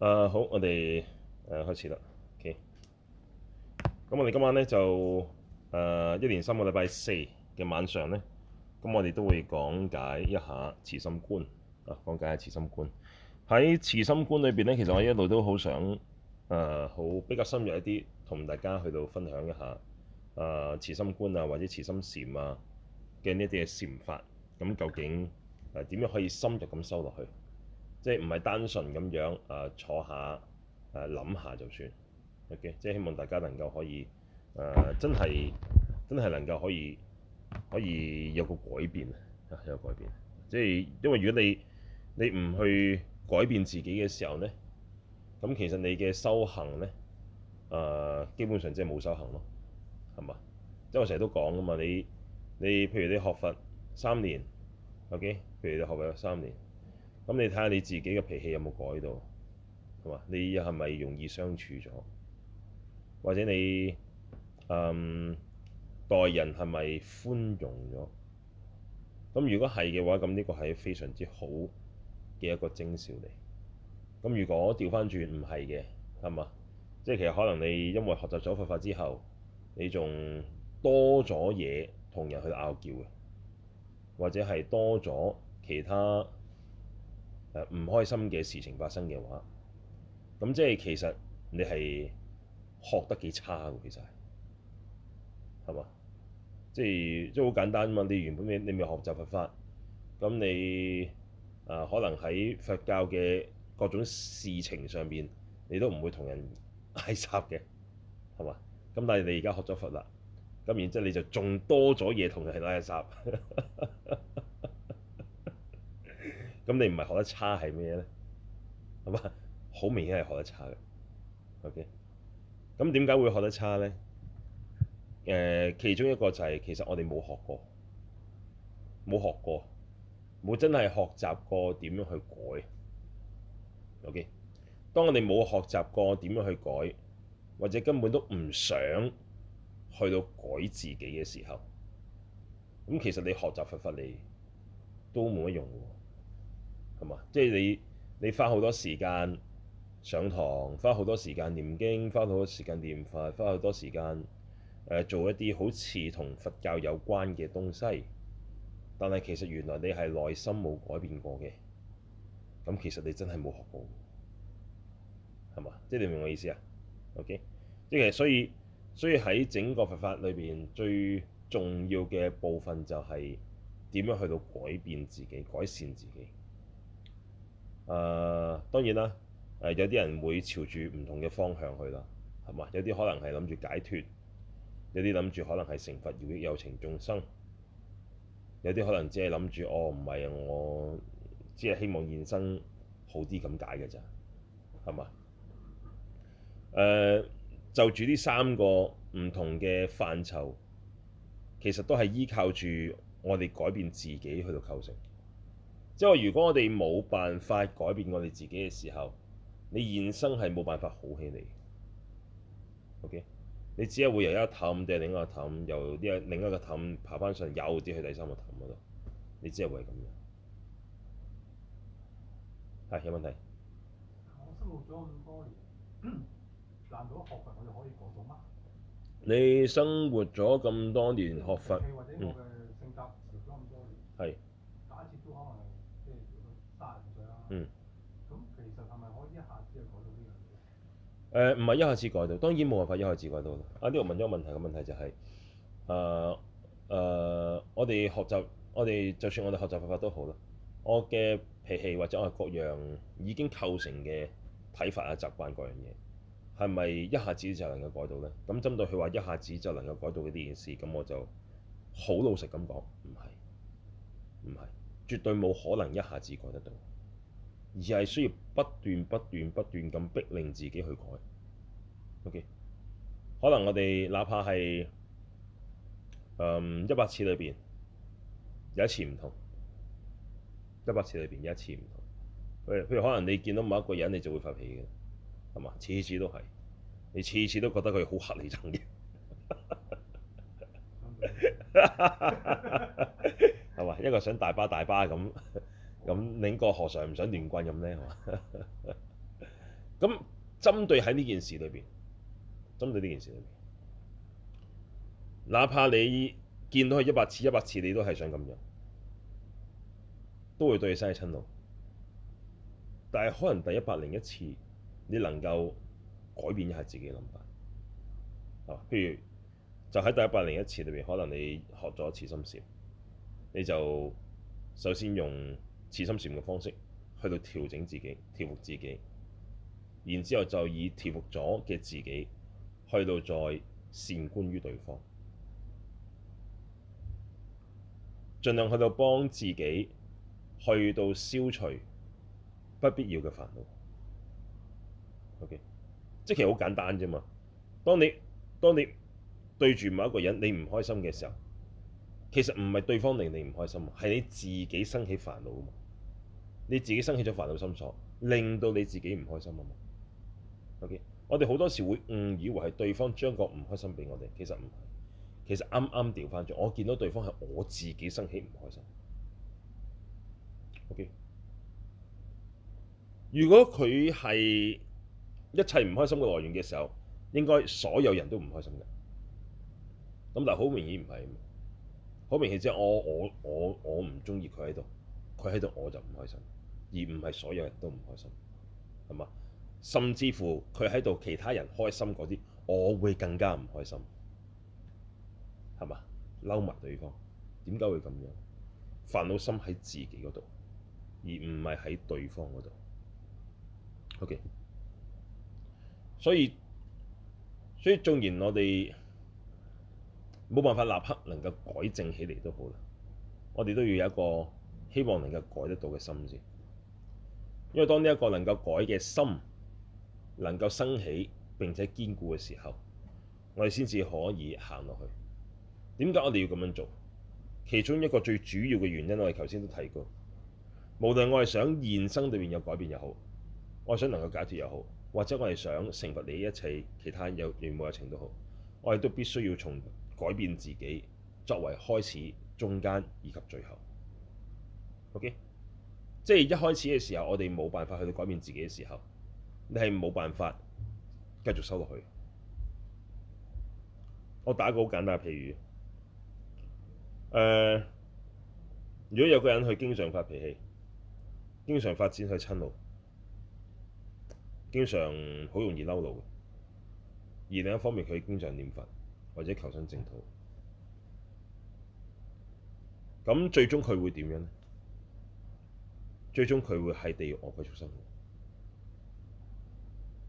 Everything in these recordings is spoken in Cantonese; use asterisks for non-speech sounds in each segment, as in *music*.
誒、uh, 好，我哋誒、uh, 開始啦。OK，咁我哋今晚咧就誒、uh, 一連三個禮拜四嘅晚上咧，咁我哋都會講解一下慈心觀啊，講解下慈心觀。喺慈心觀裏邊咧，其實我一路都好想誒、啊，好比較深入一啲，同大家去到分享一下誒、啊、慈心觀啊，或者慈心禪啊嘅呢啲嘅禪法，咁究竟誒點、啊、樣可以深入咁修落去？即係唔係單純咁樣誒、呃、坐下誒諗、呃、下就算，OK，即係希望大家能夠可以誒、呃、真係真係能夠可以可以有個改變啊，有改變。即係因為如果你你唔去改變自己嘅時候咧，咁其實你嘅修行咧誒、呃、基本上即係冇修行咯，係嘛？即係我成日都講㗎嘛，你你譬如你學佛三年，OK，譬如你學佛三年。咁你睇下你自己嘅脾氣有冇改到，係嘛？你係咪容易相處咗？或者你嗯待人係咪寬容咗？咁如果係嘅話，咁呢個係非常之好嘅一個徵兆嚟。咁如果調翻轉唔係嘅，係嘛？即係其實可能你因為學習咗佛法之後，你仲多咗嘢同人去拗叫嘅，或者係多咗其他誒，唔開心嘅事情發生嘅話，咁即係其實你係學得幾差喎，其實係，係嘛？即係即係好簡單嘛！你原本你你咪學習佛法，咁你誒，可能喺佛教嘅各種事情上面，你都唔會同人嗌霎嘅，係嘛？咁但係你而家學咗佛啦，咁然之後你就仲多咗嘢同人嗌霎。 *laughs* 咁你唔係學得差係咩咧？係嘛，好明顯係學得差嘅。OK，咁點解會學得差咧？誒、呃，其中一個就係、是、其實我哋冇學過，冇學過，冇真係學習過點樣去改。OK，當我哋冇學習過點樣去改，或者根本都唔想去到改自己嘅時候，咁其實你學習佛法你都冇乜用㗎。係嘛？即係你，你花好多時間上堂，花好多時間念經，花好多時間念佛，花好多時間、呃、做一啲好似同佛教有關嘅東西。但係其實原來你係內心冇改變過嘅，咁其實你真係冇學過，係嘛？即係你明我意思啊？OK，即係所以所以喺整個佛法裏邊最重要嘅部分就係點樣去到改變自己、改善自己。誒、呃、當然啦，誒、呃、有啲人會朝住唔同嘅方向去啦，係嘛？有啲可能係諗住解脫，有啲諗住可能係成佛、利益有情眾生，有啲可能只係諗住哦，唔係我，只係希望現生好啲咁解嘅咋，係嘛？誒、呃、就住呢三個唔同嘅範疇，其實都係依靠住我哋改變自己去到構成。即係話，如果我哋冇辦法改變我哋自己嘅時候，你現生係冇辦法好起嚟。OK？你只係會由一個氹定另一個氹，由呢個另一個氹爬翻上又跌去第三個氹嗰度，你只係會係咁樣的。係、哎、有問題？我生活咗咁多年，嗯、難道學佛我就可以改到嗎？你生活咗咁多年學佛，嗯，係。嗯，咁其實係咪可以一下子改到呢樣嘢？誒，唔係一下子改到，當然冇辦法一下子改到啦。啊，呢度問咗個問題，個問題就係誒誒，我哋學習，我哋就算我哋學習佛法都好啦，我嘅脾氣或者我係各樣已經構成嘅睇法啊、習慣各樣嘢，係咪一下子就能夠改到咧？咁針對佢話一下子就能夠改到嘅呢件事，咁我就好老實咁講，唔係唔係，絕對冇可能一下子改得到。而係需要不斷、不斷、不斷咁逼令自己去改，OK？可能我哋哪怕係誒一百次裏邊有一次唔同，一百次裏邊有一次唔同。譬如譬如可能你見到某一個人，你就會發脾氣嘅，係嘛？次次都係，你次次都覺得佢好乞人憎嘅，係嘛？一個想大巴大巴咁。咁，拎個和尚唔想亂棍咁呢？係 *laughs* 咁針對喺呢件事裏邊，針對呢件事裏邊，哪怕你見到佢一百次、一百次，你都係想咁樣，都會對佢生起瞋怒。但係可能第一百零一次，你能夠改變一下自己嘅諗法，譬如就喺第一百零一次裏邊，可能你學咗一次心善，你就首先用。慈心禪嘅方式，去到調整自己，調伏自己，然之後就以調伏咗嘅自己，去到再善觀於對方，盡量去到幫自己，去到消除不必要嘅煩惱。OK，即係其實好簡單啫嘛。當你當你對住某一個人，你唔開心嘅時候，其實唔係對方令你唔開心，係你自己生起煩惱嘛。你自己生起咗煩惱心所，令到你自己唔開心啊嘛。OK，我哋好多時會誤以為係對方將個唔開心俾我哋，其實唔係，其實啱啱調翻轉，我見到對方係我自己生起唔開心。OK，如果佢係一切唔開心嘅來源嘅時候，應該所有人都唔開心嘅。咁嗱，好明顯唔係，好明顯即係我我我我唔中意佢喺度，佢喺度我就唔開心。而唔係所有人都唔開心，係嘛？甚至乎佢喺度，其他人開心嗰啲，我會更加唔開心，係嘛？嬲埋對方，點解會咁樣？煩惱心喺自己嗰度，而唔係喺對方嗰度。OK，所以所以縱然我哋冇辦法立刻能夠改正起嚟都好啦，我哋都要有一個希望能夠改得到嘅心先。因為當呢一個能夠改嘅心能夠升起並且堅固嘅時候，我哋先至可以行落去。點解我哋要咁樣做？其中一個最主要嘅原因，我哋頭先都提過。無論我係想現生裏面有改變也好，我想能夠解脫也好，或者我係想懲罰你一切其他有緣無情都好，我哋都必須要從改變自己作為開始、中間以及最後。OK。即係一開始嘅時候，我哋冇辦法去到改變自己嘅時候，你係冇辦法繼續收落去。我打個好簡單嘅譬喻，誒、呃，如果有個人佢經常發脾氣，經常發展去親怒，經常好容易嬲怒，而另一方面佢經常念佛或者求生淨土，咁最終佢會點樣呢？最終佢會喺地獄惡鬼畜生。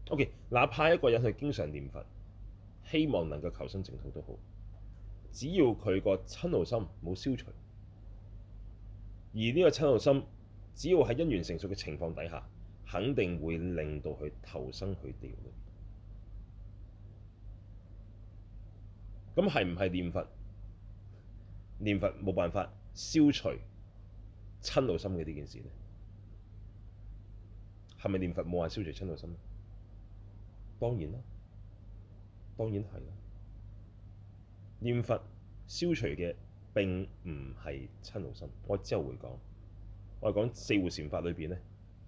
O.K.，哪怕一個人佢經常念佛，希望能夠求生淨土都好，只要佢個瞋怒心冇消除，而呢個瞋怒心，只要喺因緣成熟嘅情況底下，肯定會令到佢投生去地獄。咁係唔係念佛？念佛冇辦法消除瞋怒心嘅呢件事呢？係咪念佛冇話消除瞋怒心？當然啦，當然係啦。念佛消除嘅並唔係瞋怒心。我之後會講，我係講四護禪法裏邊咧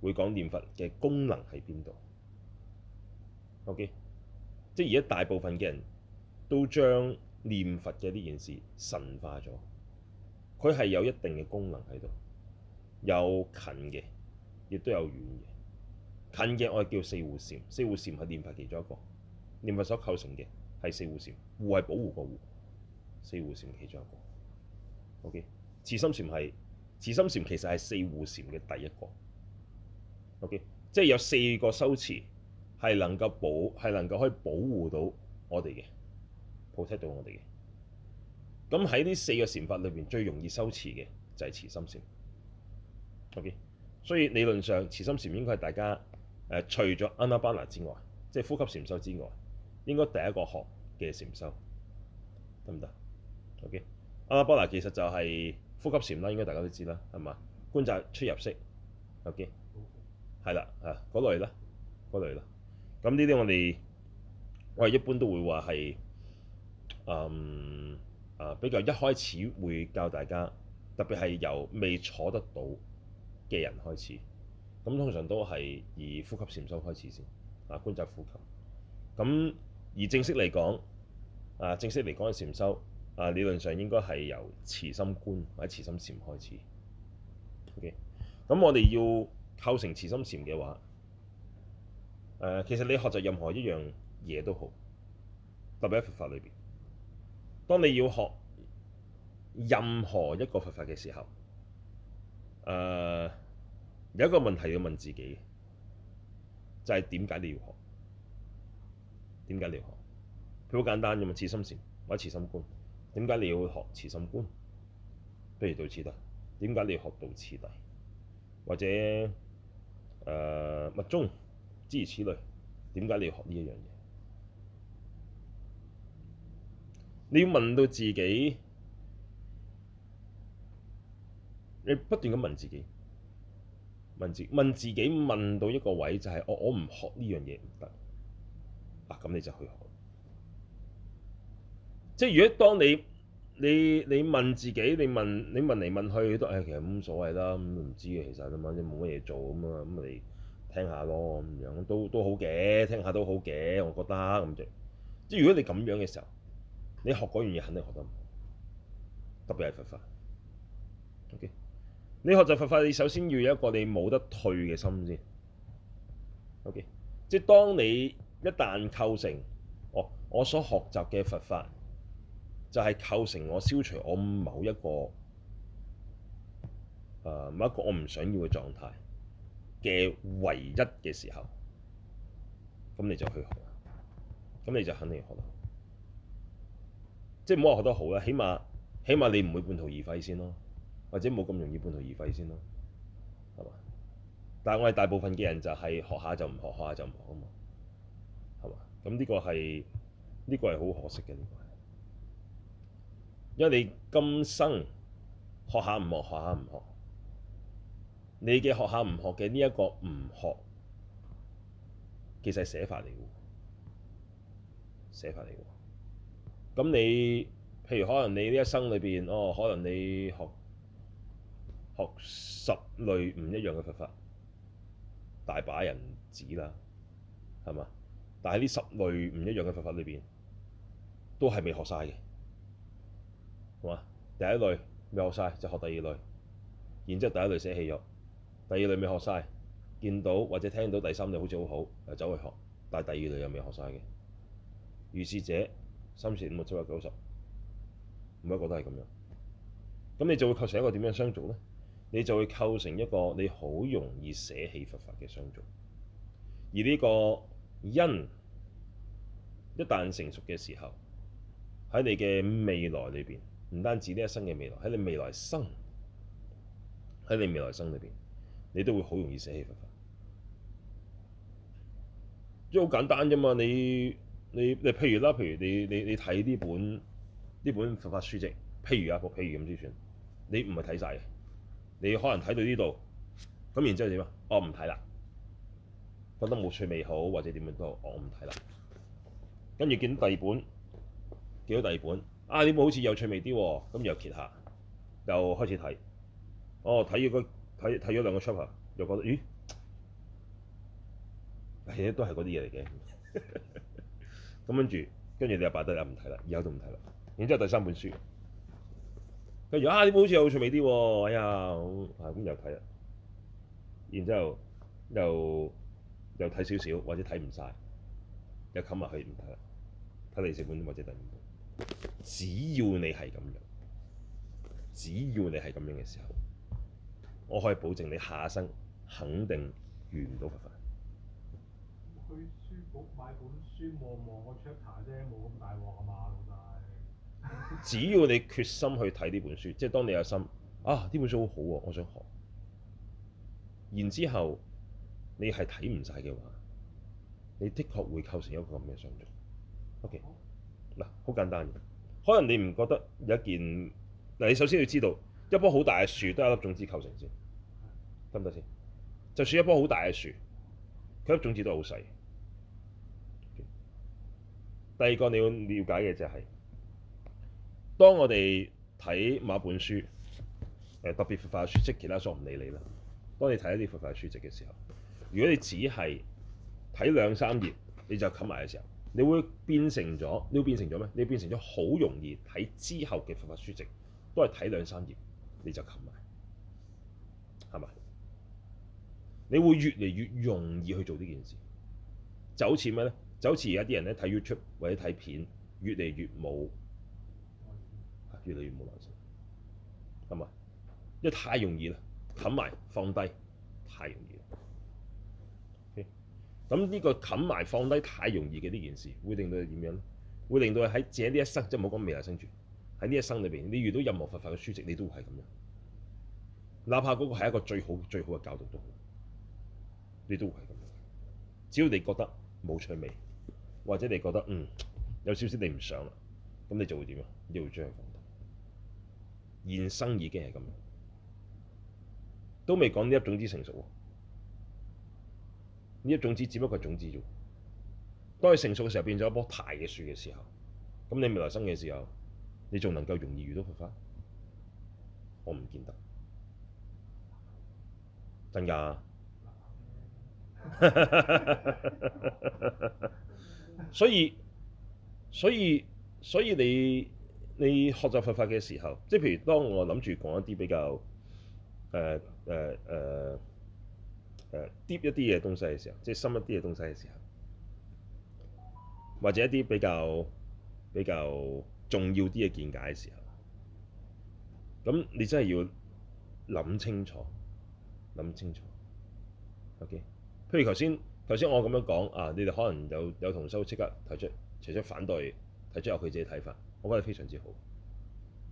會講念佛嘅功能喺邊度。OK，即係而家大部分嘅人都將念佛嘅呢件事神化咗，佢係有一定嘅功能喺度，有近嘅，亦都有遠嘅。近嘅我哋叫四護禪。四護禪係念法其中一個，念法所構成嘅係四護禪。護係保護個護，四護禪其中一個。O.K. 慈心禪係慈心禪其實係四護禪嘅第一個。O.K. 即係有四個修持係能夠保係能夠可以保護到我哋嘅，保護到我哋嘅。咁喺呢四個禪法裏邊最容易修持嘅就係慈心禪。O.K. 所以理論上慈心禪應該係大家。誒，除咗安那巴那之外，即係呼吸禪修之外，應該第一個學嘅禪修得唔得？OK，安那巴那其實就係呼吸禪啦，應該大家都知啦，係嘛？觀察出入息，OK，係啦，啊、okay. okay.，嗰類啦，嗰類啦。咁呢啲我哋我哋一般都會話係，嗯啊，比較一開始會教大家，特別係由未坐得到嘅人開始。咁通常都係以呼吸禪修開始先，啊觀察呼吸。咁而正式嚟講，啊正式嚟講嘅禪修，啊理論上應該係由慈心觀或者慈心禪開始。O.K. 咁我哋要構成慈心禪嘅話，誒、呃、其實你學習任何一樣嘢都好，特別喺佛法裏邊，當你要學任何一個佛法嘅時候，誒、呃。有一個問題要問自己，就係點解你要學？點解你要學？佢好簡單嘅嘛，慈心禪或者慈心觀，點解你要學慈心觀？譬如道次第，點解你要學道次第？或者誒、呃、密宗，諸如此類，點解你要學呢一樣嘢？你要問到自己，你不斷咁問自己。問自問自己問到一個位、就係，就係我我唔學呢樣嘢唔得，嗱、啊、咁你就去學。即係如果當你你你問自己，你問你問嚟問去都誒，其實唔所謂啦，咁唔知嘅其實咁，反正你冇乜嘢做咁啊，咁你聽下咯咁樣，都都好嘅，聽下都好嘅，我覺得咁就。即係如果你咁樣嘅時候，你學嗰樣嘢肯定學得唔好，特別係佛法，ok。你學習佛法，你首先要有一個你冇得退嘅心先。O.K.，即係當你一旦構成，哦，我所學習嘅佛法就係構成我消除我某一個、呃、某一個我唔想要嘅狀態嘅唯一嘅時候，咁你就去學，咁你就肯定學得好。即係唔好話學得好啦，起碼起碼你唔會半途而廢先咯。或者冇咁容易半途而廢先咯，係嘛？但係我哋大部分嘅人就係學下就唔學，學下就唔學啊嘛，係嘛？咁呢個係呢個係好可惜嘅呢個係，因為你今生學下唔學，學下唔學，你嘅學下唔學嘅呢一個唔學其實係寫法嚟嘅，寫法嚟嘅。咁你譬如可能你呢一生裏邊，哦，可能你學。學十類唔一樣嘅佛法，大把人指啦，係嘛？但係呢十類唔一樣嘅佛法裏邊，都係未學晒嘅，係嘛？第一類未學晒，就學第二類，然之後第一類捨棄咗，第二類未學晒，見到或者聽到第三類好似好好，又走去學，但係第二類又未學晒嘅，如是者三四五六七八九十，每一個都係咁樣，咁你就會構成一個點樣相續咧？你就會構成一個你好容易捨棄佛法嘅相續，而呢個因一旦成熟嘅時候，喺你嘅未來裏邊，唔單止呢一生嘅未來，喺你未來生，喺你未來生裏邊，你都會好容易捨棄佛法。即係好簡單啫嘛！你你你，譬如啦，譬如你你你睇呢本呢本佛法書籍，譬如啊，譬如咁先算，你唔係睇晒嘅。你可能睇到呢度，咁然之後點啊？我唔睇啦，覺得冇趣味好，或者點樣都好，我唔睇啦。跟住見到第二本，見到第二本，啊，呢本好似有趣味啲喎，咁又揭下，又開始睇。哦，睇咗個睇睇咗兩個 chapter，又覺得咦，誒都係嗰啲嘢嚟嘅。咁跟住，跟住你就擺低又唔睇啦，以後就唔睇啦。然之後第三本書。跟住啊，啲好似又趣味啲喎，哎呀，咁、嗯嗯嗯、又睇啦，然之後又又睇少少，或者睇唔晒，又冚埋去唔睇啦，睇第四本或者第五本。只要你係咁樣，只要你係咁樣嘅時候，我可以保證你下生肯定遇唔到佛法。去書局買本書望望個 chapter 啫，冇咁大鑊啊嘛。只要你決心去睇呢本書，即係當你有心啊，呢本書好好、啊、喎，我想學。然之後你係睇唔晒嘅話，你的確會構成一個咁嘅想像。O.K. 嗱，好簡單嘅，可能你唔覺得有一件嗱。你首先要知道一樖好大嘅樹都有一粒種子構成先得唔得先？就算一樖好大嘅樹，佢粒種子都好細。Okay，第二個你要了解嘅就係、是。當我哋睇某本書，誒、呃、特別佛法書籍，其他書唔理你啦。當你睇一啲佛法書籍嘅時候，如果你只係睇兩三頁，你就冚埋嘅時候，你會變成咗，你會變成咗咩？你變成咗好容易睇之後嘅佛法書籍，都係睇兩三頁你就冚埋，係咪？你會越嚟越容易去做呢件事，就好似咩咧？就好似而家啲人咧，睇 YouTube 或者睇片，越嚟越冇。越嚟越冇耐性，係咪？因為太容易啦，冚埋放低，太容易啦。咁、okay? 呢個冚埋放低太容易嘅呢件事，會令到你點樣？會令到你喺自己呢一生，即係冇講未來生存喺呢一生裏邊，你遇到任何佛法嘅書籍，你都會係咁樣。哪怕嗰個係一個最好最好嘅教導都好，你都會係咁樣。只要你覺得冇趣味，或者你覺得嗯有少少你唔想啦，咁你就會點啊？你會將。現生已經係咁，都未講呢一種子成熟喎。呢一種子只不過係種子啫。當佢成熟嘅時，時候，變咗一樖大嘅樹嘅時候，咁你未來生嘅時候，你仲能夠容易遇到佛法？我唔見得，真㗎。 *laughs* *laughs* 所以，所以，所以你。你學習佛法嘅時候，即係譬如當我諗住講一啲比較誒誒誒誒 deep 一啲嘅東西嘅時候，即係深一啲嘅東西嘅時候，或者一啲比較比較重要啲嘅見解嘅時候，咁你真係要諗清楚，諗清楚。OK，譬如頭先頭先我咁樣講啊，你哋可能有有同修會即刻提出除咗反對，提出有佢自己睇法。我覺得非常之好，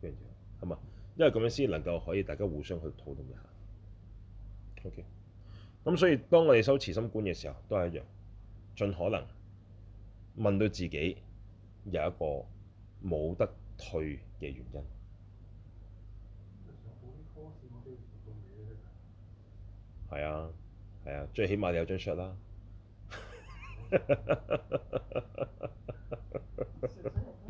非常之好，係嘛？因為咁樣先能夠可以大家互相去討論一下。OK，咁所以當我哋修慈心觀嘅時候，都係一樣，盡可能問到自己有一個冇得退嘅原因。係啊，係啊，係啊，最起碼你有張 shot 啦。 *laughs* *laughs*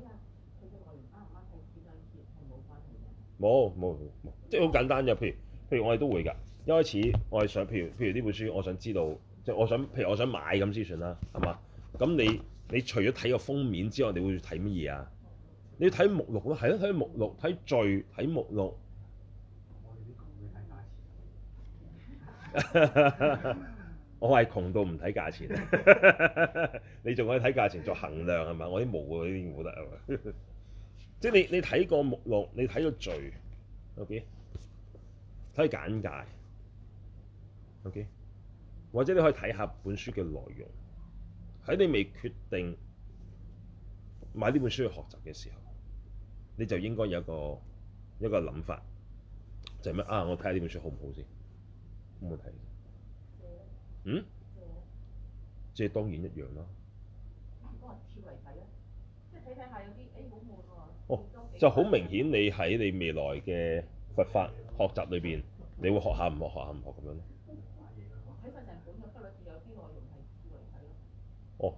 冇冇冇，即係好簡單嘅。譬如譬如我哋都會㗎。一開始我係想，譬如譬如呢本書，我想知道，即係我想譬如我想買咁先算啦，係嘛？咁你你除咗睇個封面之外，你會睇乜嘢啊？你要睇目錄咯，係咯，睇目錄，睇序、啊，睇目錄。目錄 *laughs* 我係窮到唔睇價錢。 *laughs* *laughs* 你仲可以睇價錢做衡量係嘛？我啲冇嗰已唔好得係咪？即係你，你睇個目錄，你睇個序，OK，睇個簡介，OK，或者你可以睇下本書嘅內容。喺你未決定買呢本書去學習嘅時候，你就應該有一個一個諗法，就係咩啊？我睇下呢本書好唔好先，好唔好睇？嗯，即係當然一樣啦。嗯嗯嗯嗯嗯嗯就好明顯，你喺你未來嘅佛法學習裏邊，你會學下唔學，學下唔學咁樣咯、嗯。哦，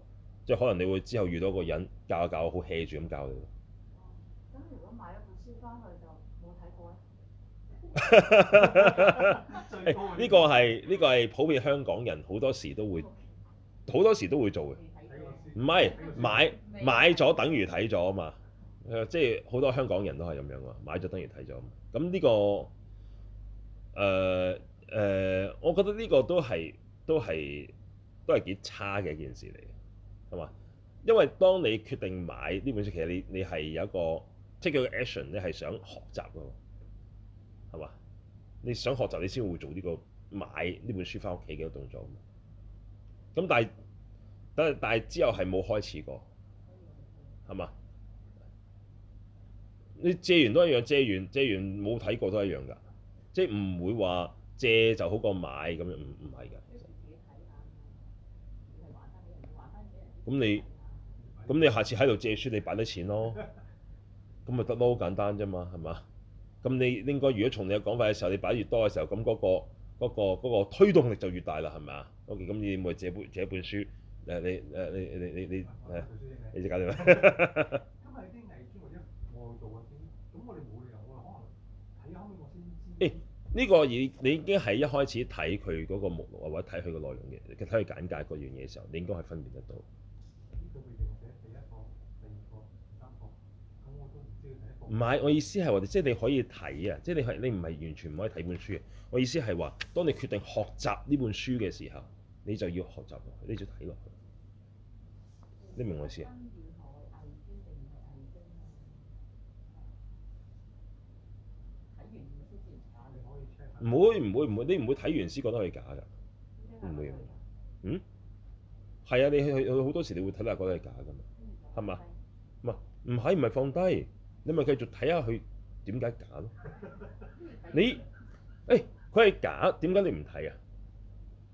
即係可能你會之後遇到一個人教一教，一教，好 hea 住咁教你。咁、哦、如果買一本書翻去就冇睇過咧？呢、 *laughs* *laughs* *laughs* 哎這個係呢、呢個係普遍香港人好多時都會好多時都會做嘅，唔係買買咗等於睇咗啊嘛。誒，即係好多香港人都係咁樣喎，買咗等於睇咗。咁呢、呢個誒誒、呃呃，我覺得呢個都係都係都係幾差嘅一件事嚟，係嘛？因為當你決定買呢本書，其實你你係有一個即 take action，你係想學習㗎嘛，係嘛？你想學習，你先會做呢、呢個買呢本書翻屋企嘅動作嘛。咁但係但係但係之後係冇開始過，係嘛？你借完都一樣，借完借完冇睇過都一樣㗎，即係唔會話借就好過買咁樣，唔唔係㗎。咁你咁你下次喺度借書，你擺得錢咯，咁咪得咯，好簡單啫嘛，係嘛？咁你應該如果從你嘅講法嘅時候，你擺越多嘅時候，咁嗰個嗰個嗰個推動力就越大啦，係咪啊？OK，咁你點會借本借一本書？誒你誒你你你你你就搞掂。啊？ *laughs* 呢個已你已經係一開始睇佢嗰個目錄，啊，或者睇佢個內容嘅，睇佢簡介嗰樣嘢時候，你應該係分辨得到。唔係，我意思係話，即係你可以睇啊，即係你係你唔係完全唔可以睇本書嘅。我意思係話，當你決定學習呢本書嘅時候，你就要學習落去，你就要睇落去。你明我意思啊？唔會唔會唔會，你唔會睇完先覺得係假噶。唔會啊，嗯？係啊，你去去好多時你，嗯是是，你會睇下覺得係假噶嘛，係嘛？唔係，唔係放低，你咪繼續睇下佢點解假咯。 *laughs* 你誒，佢、欸、係假，點解你唔睇啊？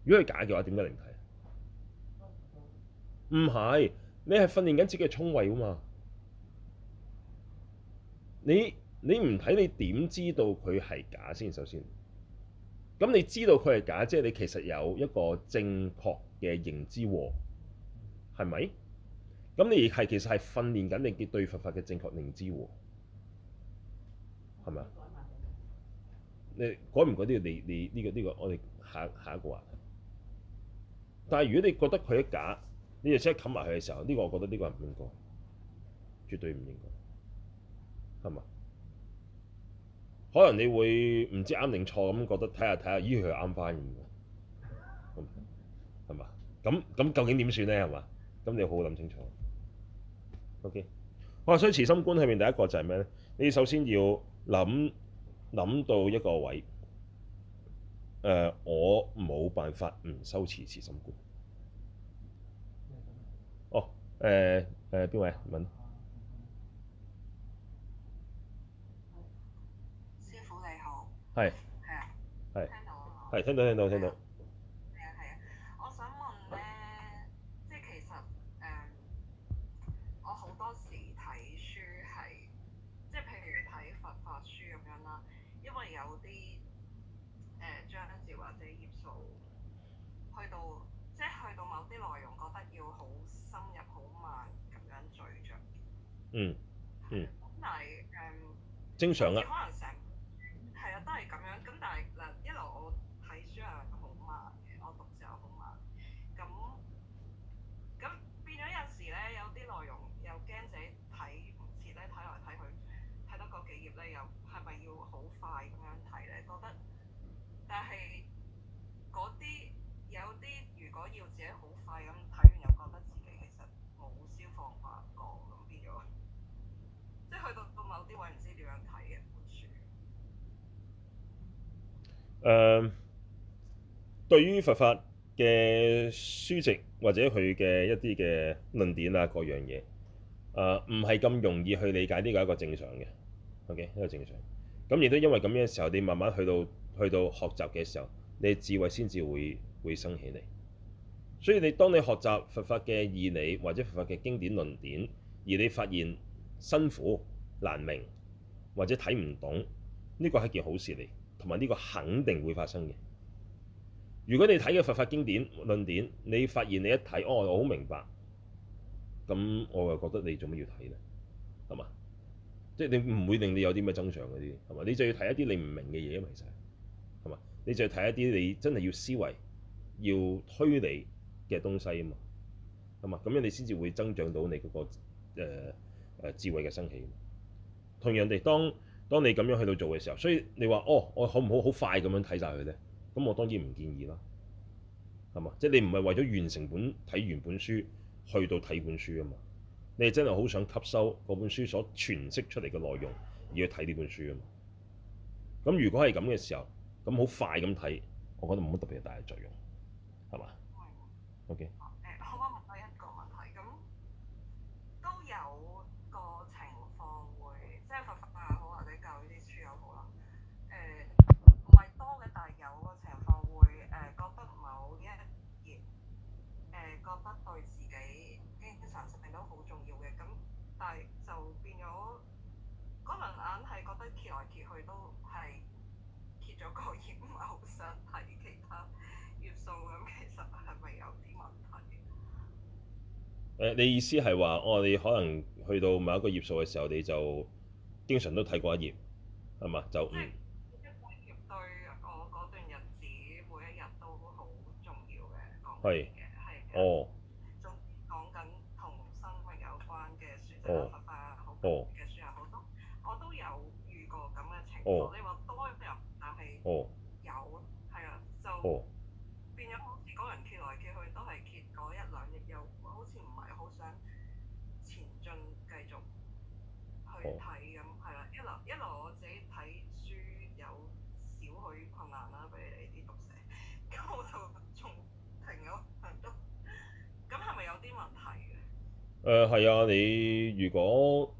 如果係假嘅話，點解你唔睇啊？唔係，你係訓練緊自己嘅聰慧啊嘛。你你唔睇，你點知道佢係假先？首先。咁你知道佢係假，即係你其實有一個正確嘅認知喎，係咪？咁你係其實係訓練緊你嘅對佛法嘅正確認知喎，係咪啊？你改唔改啲？你你呢個呢個，我哋下下一個話題。但係如果你覺得佢一假，你就即刻冚埋佢嘅時候，呢個我覺得呢個係唔應該，絕對唔應該，係咪？可能你會唔知啱定錯咁，覺得睇下睇下，咦佢又啱翻咁，係嘛？咁咁究竟點算咧？係嘛？咁你好好諗清楚。O.K. 我話所以慈心觀裏面第一個就係咩咧？你首先要諗諗到一個位，誒、呃、我冇辦法唔修持慈，慈心觀。哦，誒誒邊位問？係係啊，係聽到啊，係聽到聽到聽到。係啊係啊，我想問咧，即係其實誒、嗯，我好多時睇書係，即係譬如睇佛法書咁樣啦，因為有啲誒章節或者頁數去到，即係去到某啲內容，覺得要好深入、好慢咁樣咀嚼。嗯嗯。咁但係誒正常啊。誒、uh，對於佛法嘅書籍或者佢嘅一啲嘅論點啊，各樣嘢，誒唔係咁容易去理解，呢個係一個正常嘅，OK，一個正常。咁亦都因為咁嘅時候，你慢慢去到去到學習嘅時候，你智慧先至會會生起嚟。所以你當你學習佛法嘅義理或者佛法嘅經典論點，而你發現辛苦、難明或者睇唔懂，呢、這個係件好事嚟。同埋呢個肯定會發生嘅。如果你睇嘅佛法經典論典，你發現你一睇，哦，我好明白。咁我又覺得你做乜要睇呢？係嘛？即係你唔會令你有啲咩增長嗰啲，係嘛？你就要睇一啲你唔明嘅嘢啊，其實係嘛？你就要睇一啲你真係要思維、要推理嘅東西啊嘛。係嘛？咁樣你先至會增長到你嗰個誒誒智慧嘅升起。同樣地，當當你咁樣去到做嘅時候，所以你話哦，我好唔好好快咁樣睇晒佢呢？咁我當然唔建議啦，係嘛？即係你唔係為咗完成本睇完本書去到睇本書啊嘛？你係真係好想吸收嗰本書所傳釋出嚟嘅內容而去睇呢本書啊嘛？咁如果係咁嘅時候，咁好快咁睇，我覺得冇乜特別大嘅作用，係嘛？OK。誒，你意思係話，我、哦、哋可能去到某一個頁數嘅時候，你就經常都睇過一頁，係嘛？就嗯。一頁對我嗰段日子，每一日都好重要嘅講嘅，係嘅。哦。總講緊同生活有關嘅書籍啊，好嘅書好多。我都有遇過咁嘅情況。你、哦、話多入，但係有係啊、哦，就。誒、呃、係啊，你如果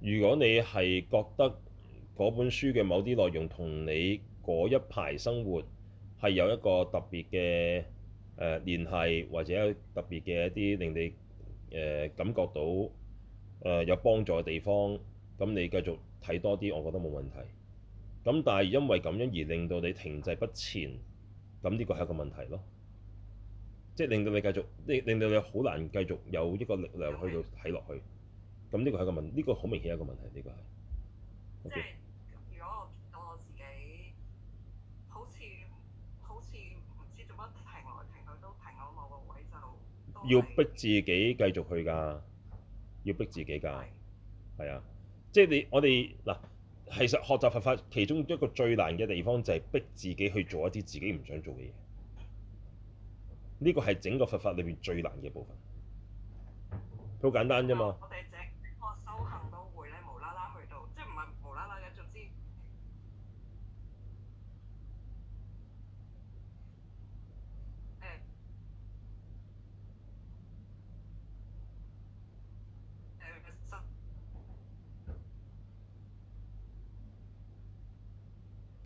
如果你係覺得嗰本書嘅某啲內容同你嗰一排生活係有一個特別嘅誒，聯繫，或者特別嘅一啲令你誒、呃、感覺到誒、呃、有幫助嘅地方，咁你繼續睇多啲，我覺得冇問題。咁但係因為咁樣而令到你停滯不前，咁呢個係一個問題咯。即係令到你繼續，令到你好難繼續有一個力量去到睇落去。咁呢個係個問題，呢個好明顯一個問題，呢個係。如果我見到我自己，好似好似唔知做乜停來停去都停喺某個位就，要逼自己繼續去㗎，要逼自己㗎，係啊。即係你我哋嗱，其實學習佛法其中一個最難嘅地方就係逼自己去做一啲自己唔想做嘅嘢。呢個係整個佛法裏面最難嘅部分，好簡單啫嘛。我哋隻學修行都會咧，無啦啦去到，即係唔係無啦啦嘅，總之，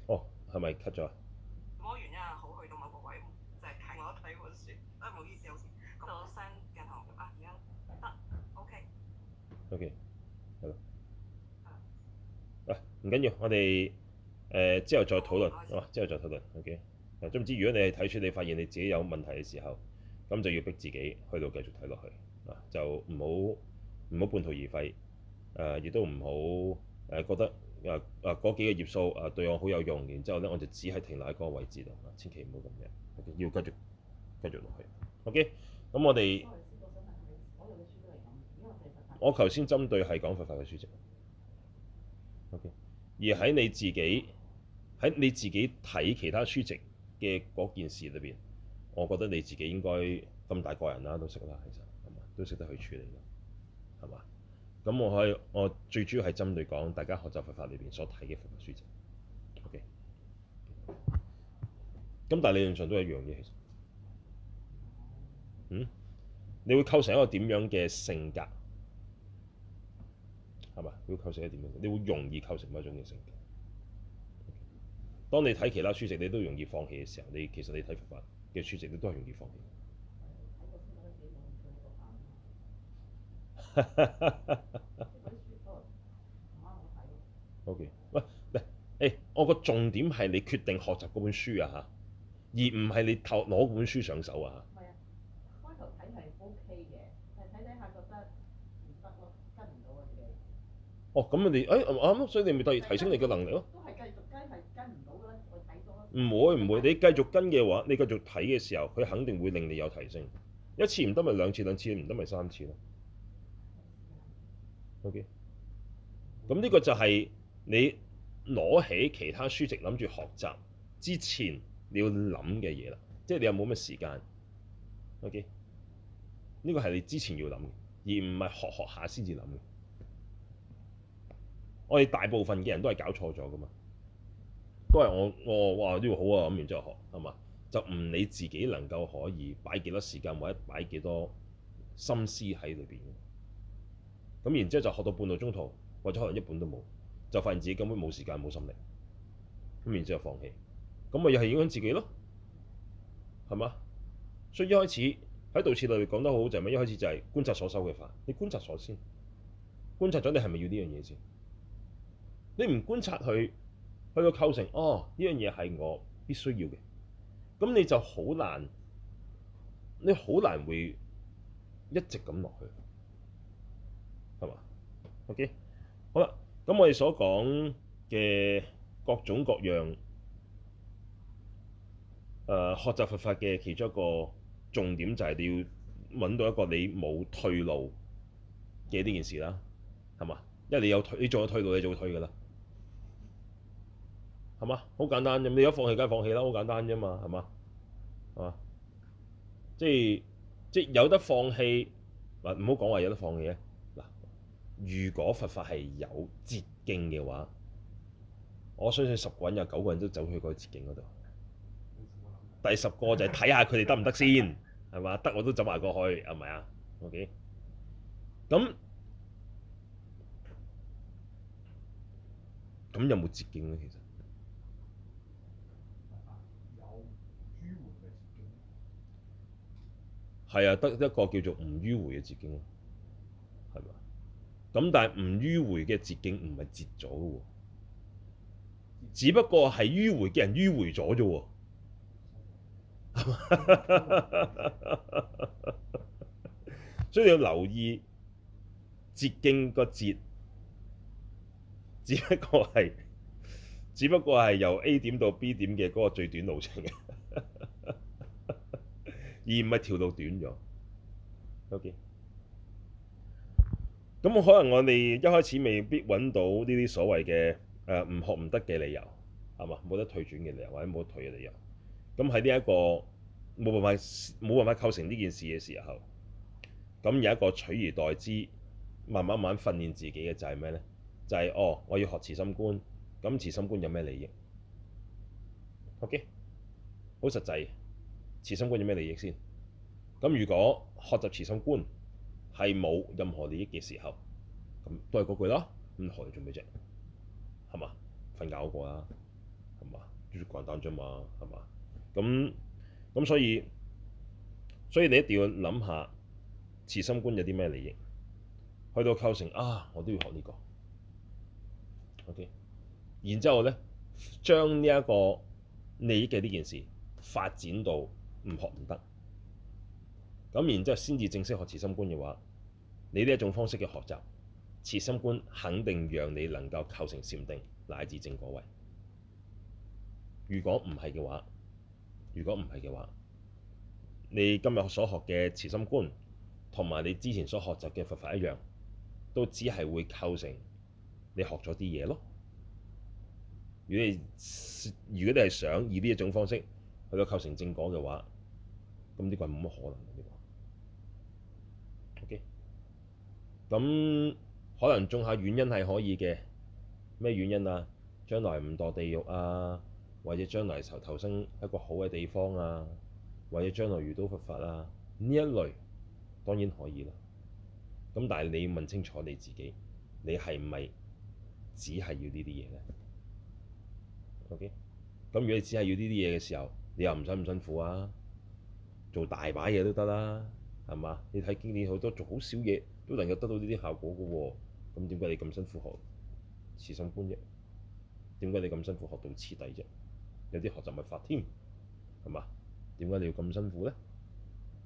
哦，係咪 cut 咗？O.K.、啊、係啦。唔緊要，我哋誒、呃、之後再討論，好、啊、之後再討論。O.K. 誒，總之，如果你係睇出你發現你自己有問題嘅時候，咁就要逼自己去到繼續睇落去。啊，就唔好唔好半途而廢。誒、啊，亦都唔好誒覺得啊啊嗰幾個頁數啊對我好有用，然之後咧我就只係停留喺嗰個位置度、啊。千祈唔好咁樣、啊，要繼續繼續落去。O.K. 咁我哋。我頭先針對係講佛法嘅書籍，O.K.，而喺你自己喺你自己睇其他書籍嘅嗰件事裏邊，我覺得你自己應該咁大個人啦，都識啦，其實係嘛，都識得去處理㗎，係嘛？咁我可以，我最主要係針對講大家學習佛法裏邊所睇嘅佛法書籍，O.K.，咁但係理論上都一樣嘅，其實，嗯，你會構成一個點樣嘅性格？唔係，會構成一點乜，你會容易構成某一種嘅成績。Okay. 當你睇其他書籍，你都容易放棄嘅時候，你其實你睇佛法嘅書籍你都係容易放棄。O K，喂，嗱， *music* 誒、 *laughs* okay. 哎，我個重點係你決定學習嗰本書啊嚇，而唔係你頭攞本書上手啊。哦，咁你誒啱、欸嗯、所以你咪提提升你嘅能力咯。都係繼續跟，係跟唔到。唔會唔會，你繼續跟嘅話，你繼續睇嘅時候，佢肯定會令你有提升。一次唔得咪兩次，兩次唔得咪三次咯。OK，咁呢個就係你攞起其他書籍諗住學習之前你要諗嘅嘢啦，即係你有冇咩時間？OK，呢個係你之前要諗嘅，而唔係學學下先至諗嘅。我哋大部分嘅人都係搞錯咗噶嘛，都係我我話呢個好啊，咁然之後學係嘛，就唔理自己能夠可以擺幾多時間，或者擺幾多心思喺裏邊。咁然之後就學到半個鐘頭，或者可能一本都冇，就發現自己根本冇時間冇心力。咁然之後放棄，咁咪又係影響自己咯，係嘛？所以一開始喺道次裏講得好就係咪？一開始就係觀察所修嘅法，你觀察咗先，觀察咗你係咪要呢樣嘢先？你唔觀察佢，佢個構成哦，呢樣嘢係我必須要嘅，咁你就好難，你好難會一直咁落去，係嘛？OK，好啦，咁我哋所講嘅各種各樣，誒、呃、學習佛法嘅其中一個重點就係你要搵到一個你冇退路嘅呢件事啦，係嘛？因為你有退，你做咗退路，你就會退㗎喇。係嘛？好簡單啫，你而家放棄，梗係放棄啦，好簡單啫嘛，係嘛？係嘛？即係即係有得放棄，唔好講話有得放棄咧。嗱，如果佛法係有捷徑嘅話，我相信十個人有九個人都走去個捷徑嗰度，第十個就係睇下佢哋得唔得先，係嘛？得我都走埋過去，係咪啊？OK，咁咁有冇捷徑咧？其實？係啊，得一個叫做唔迂回嘅捷徑咯，係嘛？咁但係唔迂回嘅捷徑唔係截咗喎，只不過係迂回嘅人迂回咗啫喎， *laughs* *laughs* 所以要留意捷徑個捷，只不過係只不過係由 A 點到 B 點嘅嗰個最短路程。 *laughs* 而唔係跳到短咗，OK。咁可能我哋一開始未必揾到呢啲所謂嘅誒唔學唔得嘅理由，係嘛？冇得退轉嘅理由，或者冇得退嘅理由。咁喺呢一個冇辦法冇辦法構成呢件事嘅時候，咁有一個取而代之，慢慢慢慢訓練自己嘅就係咩呢？就係哦，我要學慈心觀。咁慈心觀有咩利益？OK，好實際。慈心觀有咩利益先？咁如果學習慈心觀係冇任何利益嘅時候，咁都係嗰句咯。咁學嚟做咩啫？係嘛？瞓覺好過啦，啊，係嘛？住住簡單啫嘛，係嘛？咁咁，所以所以你一定要諗下，慈心觀有啲咩利益？去到構成啊，我都要學，這個 okay. 呢個 OK。然之後咧，將呢一個利益嘅呢件事發展到。唔學唔得，咁然之後先至正式學慈心觀嘅話，你呢一種方式嘅學習慈心觀，肯定讓你能夠構成禪定乃至正果位。如果唔係嘅話，如果唔係嘅話，你今日所學嘅慈心觀同埋你之前所學習嘅佛法一樣，都只係會構成你學咗啲嘢咯。如果你係如果你係想以呢一種方式去到構成正果嘅話，咁呢個係冇乜可能嘅呢個，OK？咁可能種下原因係可以嘅，咩原因啊？將來唔墮地獄啊，或者將來投投生一個好嘅地方啊，或者將來遇到佛法啊，呢一類當然可以咯。咁但係你要問清楚你自己，你係咪只係要呢啲嘢咧？OK？咁如果你只係要呢啲嘢嘅時候，你又唔使唔辛苦啊？做大把嘢都得啦，係嘛？你睇經典好多，做好少嘢都能夠得到呢啲效果嘅喎。咁點解你咁辛苦學慈心觀益？點解你咁辛苦學到次第啫？有啲學習咪法添，係嘛？點解你要咁辛苦咧？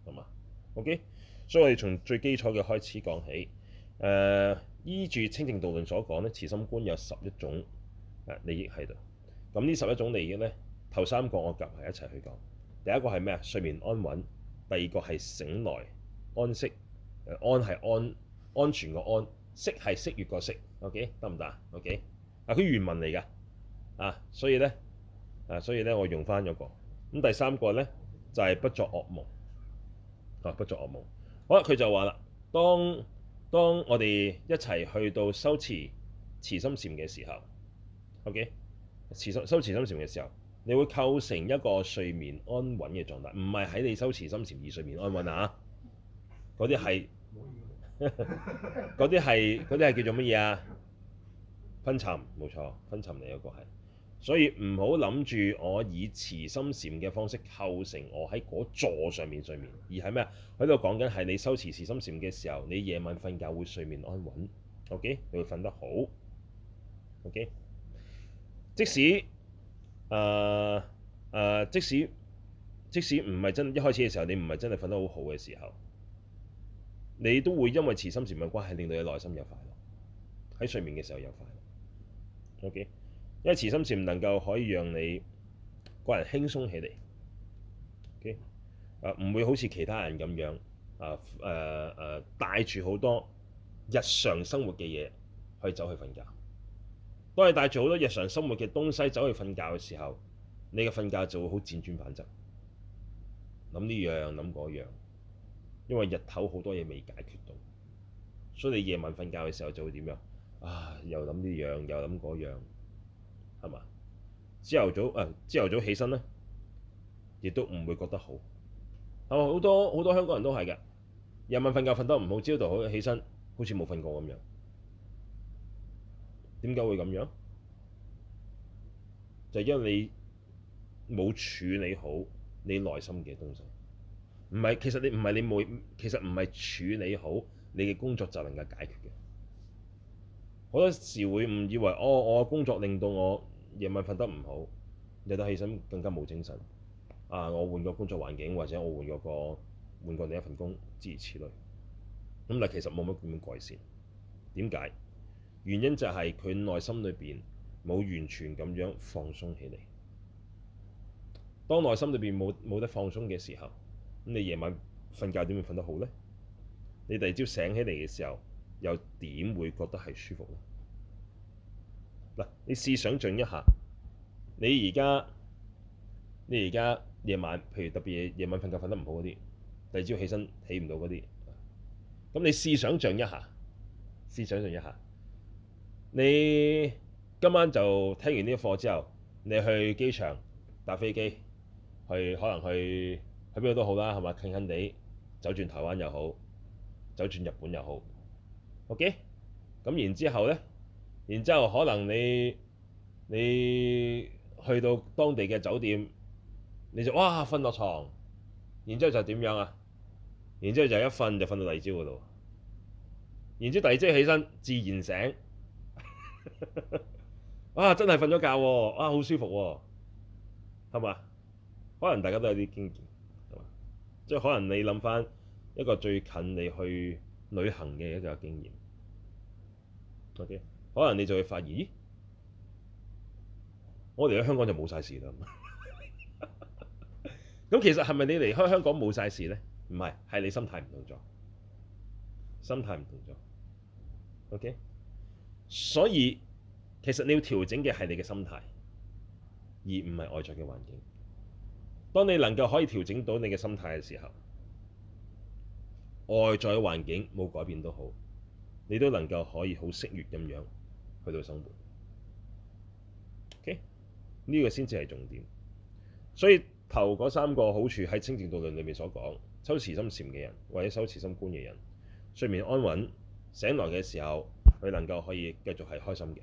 係嘛？OK，所以我哋從最基礎嘅開始講起。誒、呃，依住清淨道論所講咧，慈心觀有十一種誒利益喺度。咁呢十一種利益咧，頭三個我夾埋一齊去講。第一個係咩啊？睡眠安穩，第二個係醒來安息，安係安安全個安，息係息月個息，ok 得唔得？ok 啊，佢原文嚟㗎，啊所以咧，啊所以咧，我用返咗個，咁第三個咧就係、是、不作惡夢，啊不作惡夢，好啦佢就話啦，當當我哋一齊去到修持慈，慈心禪嘅時候，ok 修修慈心禪嘅時候。OK？慈慈慈慈心你會構成一個睡眠安穩嘅狀態，唔係喺你修持心禪而睡眠安穩啊！嗰啲係，啲 *laughs* 係，啲係叫做乜嘢啊？昏沉，冇錯，昏沉你嗰個係。所以唔好諗住我以慈心禪嘅方式構成我喺嗰座上面睡眠，而係咩啊？喺度講緊係你修持慈心禪嘅時候，你夜晚瞓覺會睡眠安穩。OK，你會瞓得好。OK，即使。誒、uh, 誒、uh,，即使即使唔係真一開始嘅時候，你唔係真係瞓得好好嘅時候，你都會因為慈心禪嘅關係，令到你內心有快樂，喺睡眠嘅時候有快樂。OK，因為慈心禪能夠可以讓你個人輕鬆起嚟。OK，誒、uh, 唔會好似其他人咁樣，誒誒誒帶住好多日常生活嘅嘢去走去瞓覺。當你帶住好多日常生活嘅東西走去瞓覺嘅時候，你嘅瞓覺就會好輾轉反側，諗呢樣諗嗰樣，因為日頭好多嘢未解決到，所以你夜晚瞓覺嘅時候就會點樣？啊，又諗呢樣又諗嗰樣，係嘛？朝頭早誒、朝頭早起身呢，亦都唔會覺得好，係好多好多香港人都係嘅，夜晚瞓覺瞓得唔好，朝頭早起身好似冇瞓過咁樣。點解會咁樣？就因為你冇處理好你內心嘅東西，唔係其實你唔係你冇，其實唔係處理好你嘅工作就能夠解決嘅。好多時會誤以為，哦，我嘅工作令到我夜晚瞓得唔好，日頭起身更加冇精神。啊，我換個工作環境，或者我換個個換過另一份工，諸如此類。咁嗱，其實冇乜咁樣改善。點解？原因就係佢內心裏邊冇完全咁樣放鬆起嚟。當內心裏邊冇冇得放鬆嘅時候，咁你夜晚瞓覺點會瞓得好呢？你第二朝醒起嚟嘅時候又點會覺得係舒服呢？你試想像一下，你而家你而家夜晚，譬如特別夜晚瞓覺瞓得唔好嗰啲，第二朝起身起唔到嗰啲，咁你試想像一下，試想像一下。你今晚就聽完呢啲課之後，你去機場搭飛機去，可能去去邊度都好啦，係嘛？近近地走轉台灣又好，走轉日本又好，OK？咁然之後呢？然之後可能你你去到當地嘅酒店，你就哇瞓落床，然之後就點樣啊？然之後就一瞓就瞓到第二朝嗰度，然之後第二朝起身自然醒。 *laughs* 啊，真係瞓咗覺喎，啊，啊好舒服喎，啊，係嘛？可能大家都有啲經驗，係嘛？即係可能你諗翻一個最近你去旅行嘅一個經驗，OK。可能你就會發現，咦？我嚟咗香港就冇晒事啦。咁 *laughs* 其實係咪你離開香港冇晒事呢？唔係，係你心態唔同咗，心態唔同咗。OK。所以。其實你要調整嘅係你嘅心態，而唔係外在嘅環境。當你能夠可以調整到你嘅心態嘅時候，外在環境冇改變都好，你都能夠可以好適悅咁樣去到生活。OK，呢個先至係重點。所以頭嗰三個好處喺《清淨道論》裏面所講，修慈心禪嘅人或者修慈心觀嘅人，睡眠安穩，醒來嘅時候佢能夠可以繼續係開心嘅。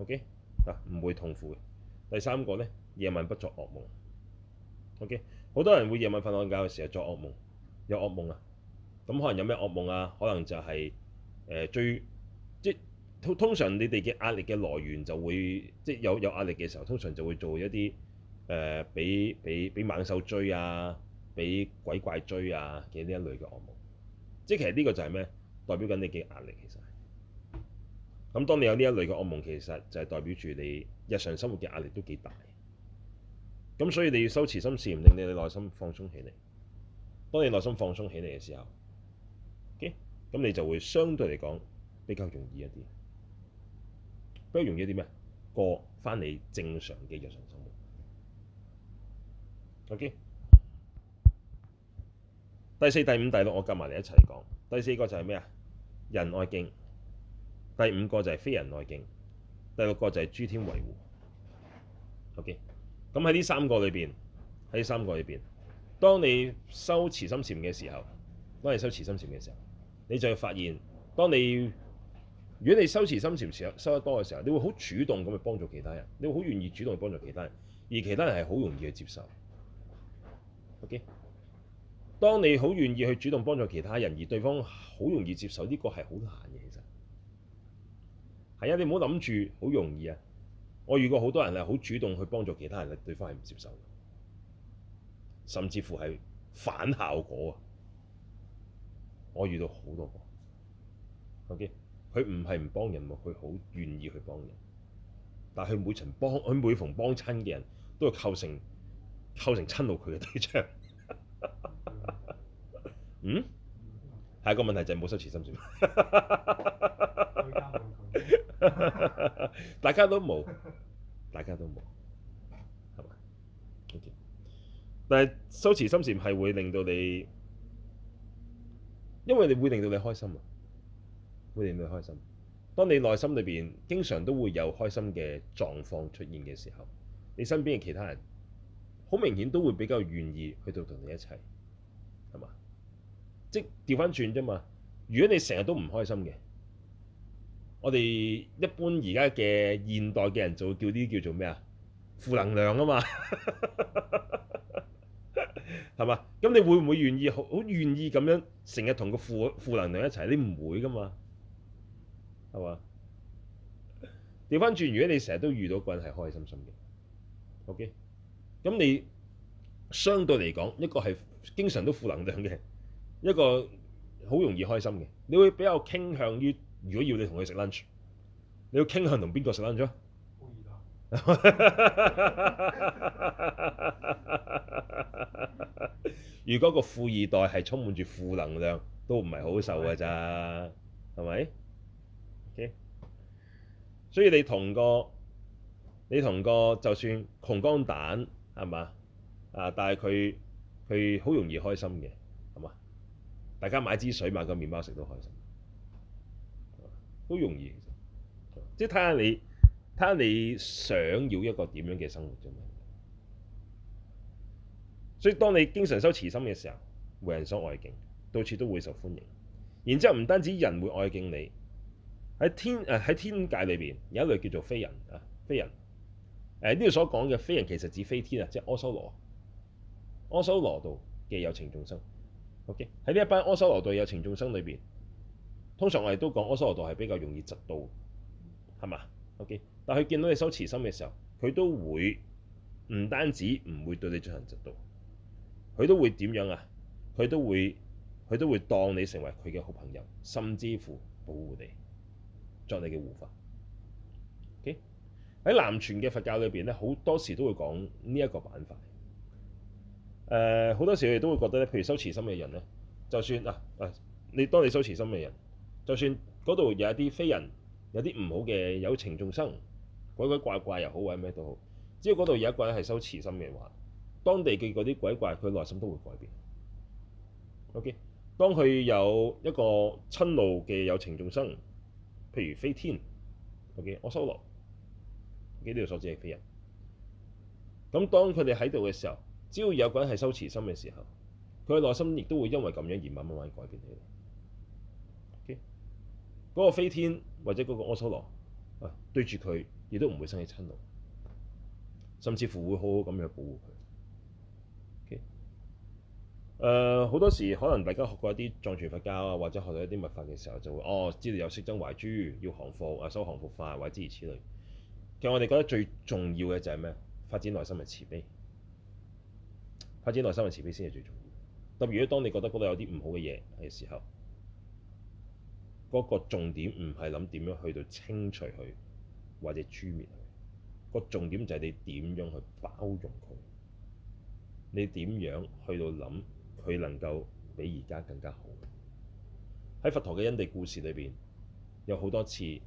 O.K. 嗱、啊，唔會痛苦嘅。第三個咧，夜晚不作惡夢。O.K. 好多人會夜晚瞓晏覺嘅時候作惡夢，有惡夢啊。咁可能有咩惡夢啊？可能就係、是、誒、呃、最即係通常你哋嘅壓力嘅來源就會即係有有壓力嘅時候，通常就會做一啲誒俾俾俾猛獸追啊，俾鬼怪追啊嘅呢一類嘅惡夢。即係其實呢個就係咩？代表緊你嘅壓力其實。咁當你有呢一類嘅噩夢，其實就係代表住你日常生活嘅壓力都幾大。咁所以你要修慈心觀，令你嘅內心放鬆起嚟。當你內心放鬆起嚟嘅時候，OK，咁你就會相對嚟講比較容易一啲。比較容易啲咩啊？過返你正常嘅日常生活。OK，第四、第五、第六，我夾埋嚟一齊講。第四個就係咩啊？人愛敬。第五個就係非人愛敬，第六個就係諸天維護。OK，咁喺呢三個裏邊，喺三個裏邊，當你修慈心禪嘅時候，當你修慈心禪嘅時候，你就會發現，當你如果你修慈心禪嘅時候，修得多嘅時候，你會好主動咁去幫助其他人，你會好願意主動去幫助其他人，而其他人係好容易去接受。OK，當你好願意去主動幫助其他人，而對方好容易接受，呢個係好難嘅。係啊，你唔好諗住好容易啊！我遇過好多人係好主動去幫助其他人，對方係唔接受，甚至乎係反效果啊！我遇到好多個，OK，佢唔係唔幫人，佢好願意去幫人，但係每層幫佢每逢幫親嘅人，的人都係構成構成親到佢嘅對象 *laughs* 嗯。嗯？下一個問題就係冇失慈心善。 *laughs* *laughs* 大家都冇，大家都冇，係嘛？好、okay. 但係修慈心禪係會令到你，因為你會令到你開心啊！會令你開心。 *laughs* 當你內心裏邊經常都會有開心嘅狀況出現嘅時候，你身邊嘅其他人好明顯都會比較願意去到同你一齊，係嘛？即係調翻轉啫嘛。如果你成日都唔開心嘅。我哋一般而家嘅現代嘅人就叫啲叫做咩啊？負能量啊嘛，係 *laughs* 嘛？咁你會唔會願意好好願意咁樣成日同個負負能量一齊？你唔會噶嘛，係嘛？調翻轉，如果你成日都遇到個人係開心心嘅，OK，咁你相對嚟講一個係經常都負能量嘅一個好容易開心嘅，你會比較傾向於。如果要你同佢食 lunch，你要傾向同邊個食 lunch 啊？富二代。 *laughs* 如果個富二代係充滿住負能量，都唔係好受噶咋，係咪？Okay. 所以你同個，你同個就算窮光蛋，係嘛？啊，但係佢佢好容易開心嘅，係嘛？大家買支水買一個麵包食都開心。都容易，即係睇下你，睇下你想要一個點樣嘅生活啫嘛。所以當你經常修慈心嘅時候，為人所愛敬，到處都會受歡迎。然之後唔單止人會愛敬你，喺天誒喺、呃、天界裏邊有一類叫做非人啊，非人。誒呢度所講嘅非人其實指非天啊，即係阿修羅。阿修羅道嘅有情眾生，OK 喺呢一班阿修羅道有情眾生裏邊。通常我哋都講，阿修羅道係比較容易窒到，係嘛？O K，但係佢見到你修慈心嘅時候，佢都會唔單止唔會對你進行窒到，佢都會點樣啊？佢都會佢都會當你成為佢嘅好朋友，甚至乎保護你，作你嘅護法。O K，喺南傳嘅佛教裏邊咧，好多時都會講呢一個版塊。誒、呃，好多時佢哋都會覺得咧，譬如修慈心嘅人咧，就算嗱誒、啊，你當你修慈心嘅人。，就算嗰度有一啲非人，有啲唔好嘅有情眾生，鬼鬼怪怪又好，或者咩都好，只要嗰度有一個人係修慈心嘅話，當地嘅嗰啲鬼怪佢內心都會改變。OK，當佢有一個親怒嘅有情眾生，譬如飛天，OK，我收落，呢條所指係非人。咁當佢哋喺度嘅時候，只要有個人係修慈心嘅時候，佢嘅內心亦都會因為咁樣而慢慢慢改變起嚟。嗰、那個飛天或者嗰個阿修羅啊，對住佢亦都唔會生起嗔怒，甚至乎會好好咁樣保護佢。誒、okay? 呃，好多時可能大家學過一啲藏傳佛教啊，或者學到一啲密法嘅時候，就會哦，知道有息增懷誅、要降伏啊、修降伏法，或者諸如此類。其實我哋覺得最重要嘅就係咩？發展內心嘅慈悲，發展內心嘅慈悲先係最重要的。特咁如果當你覺得嗰度有啲唔好嘅嘢嘅時候，嗰、那個重點唔係諗點樣去到清除佢或者誅滅佢，那個重點就係你點樣去包容佢，你點樣去到諗佢能夠比而家更加好。喺佛陀嘅因地故事裏邊，有好多次，誒、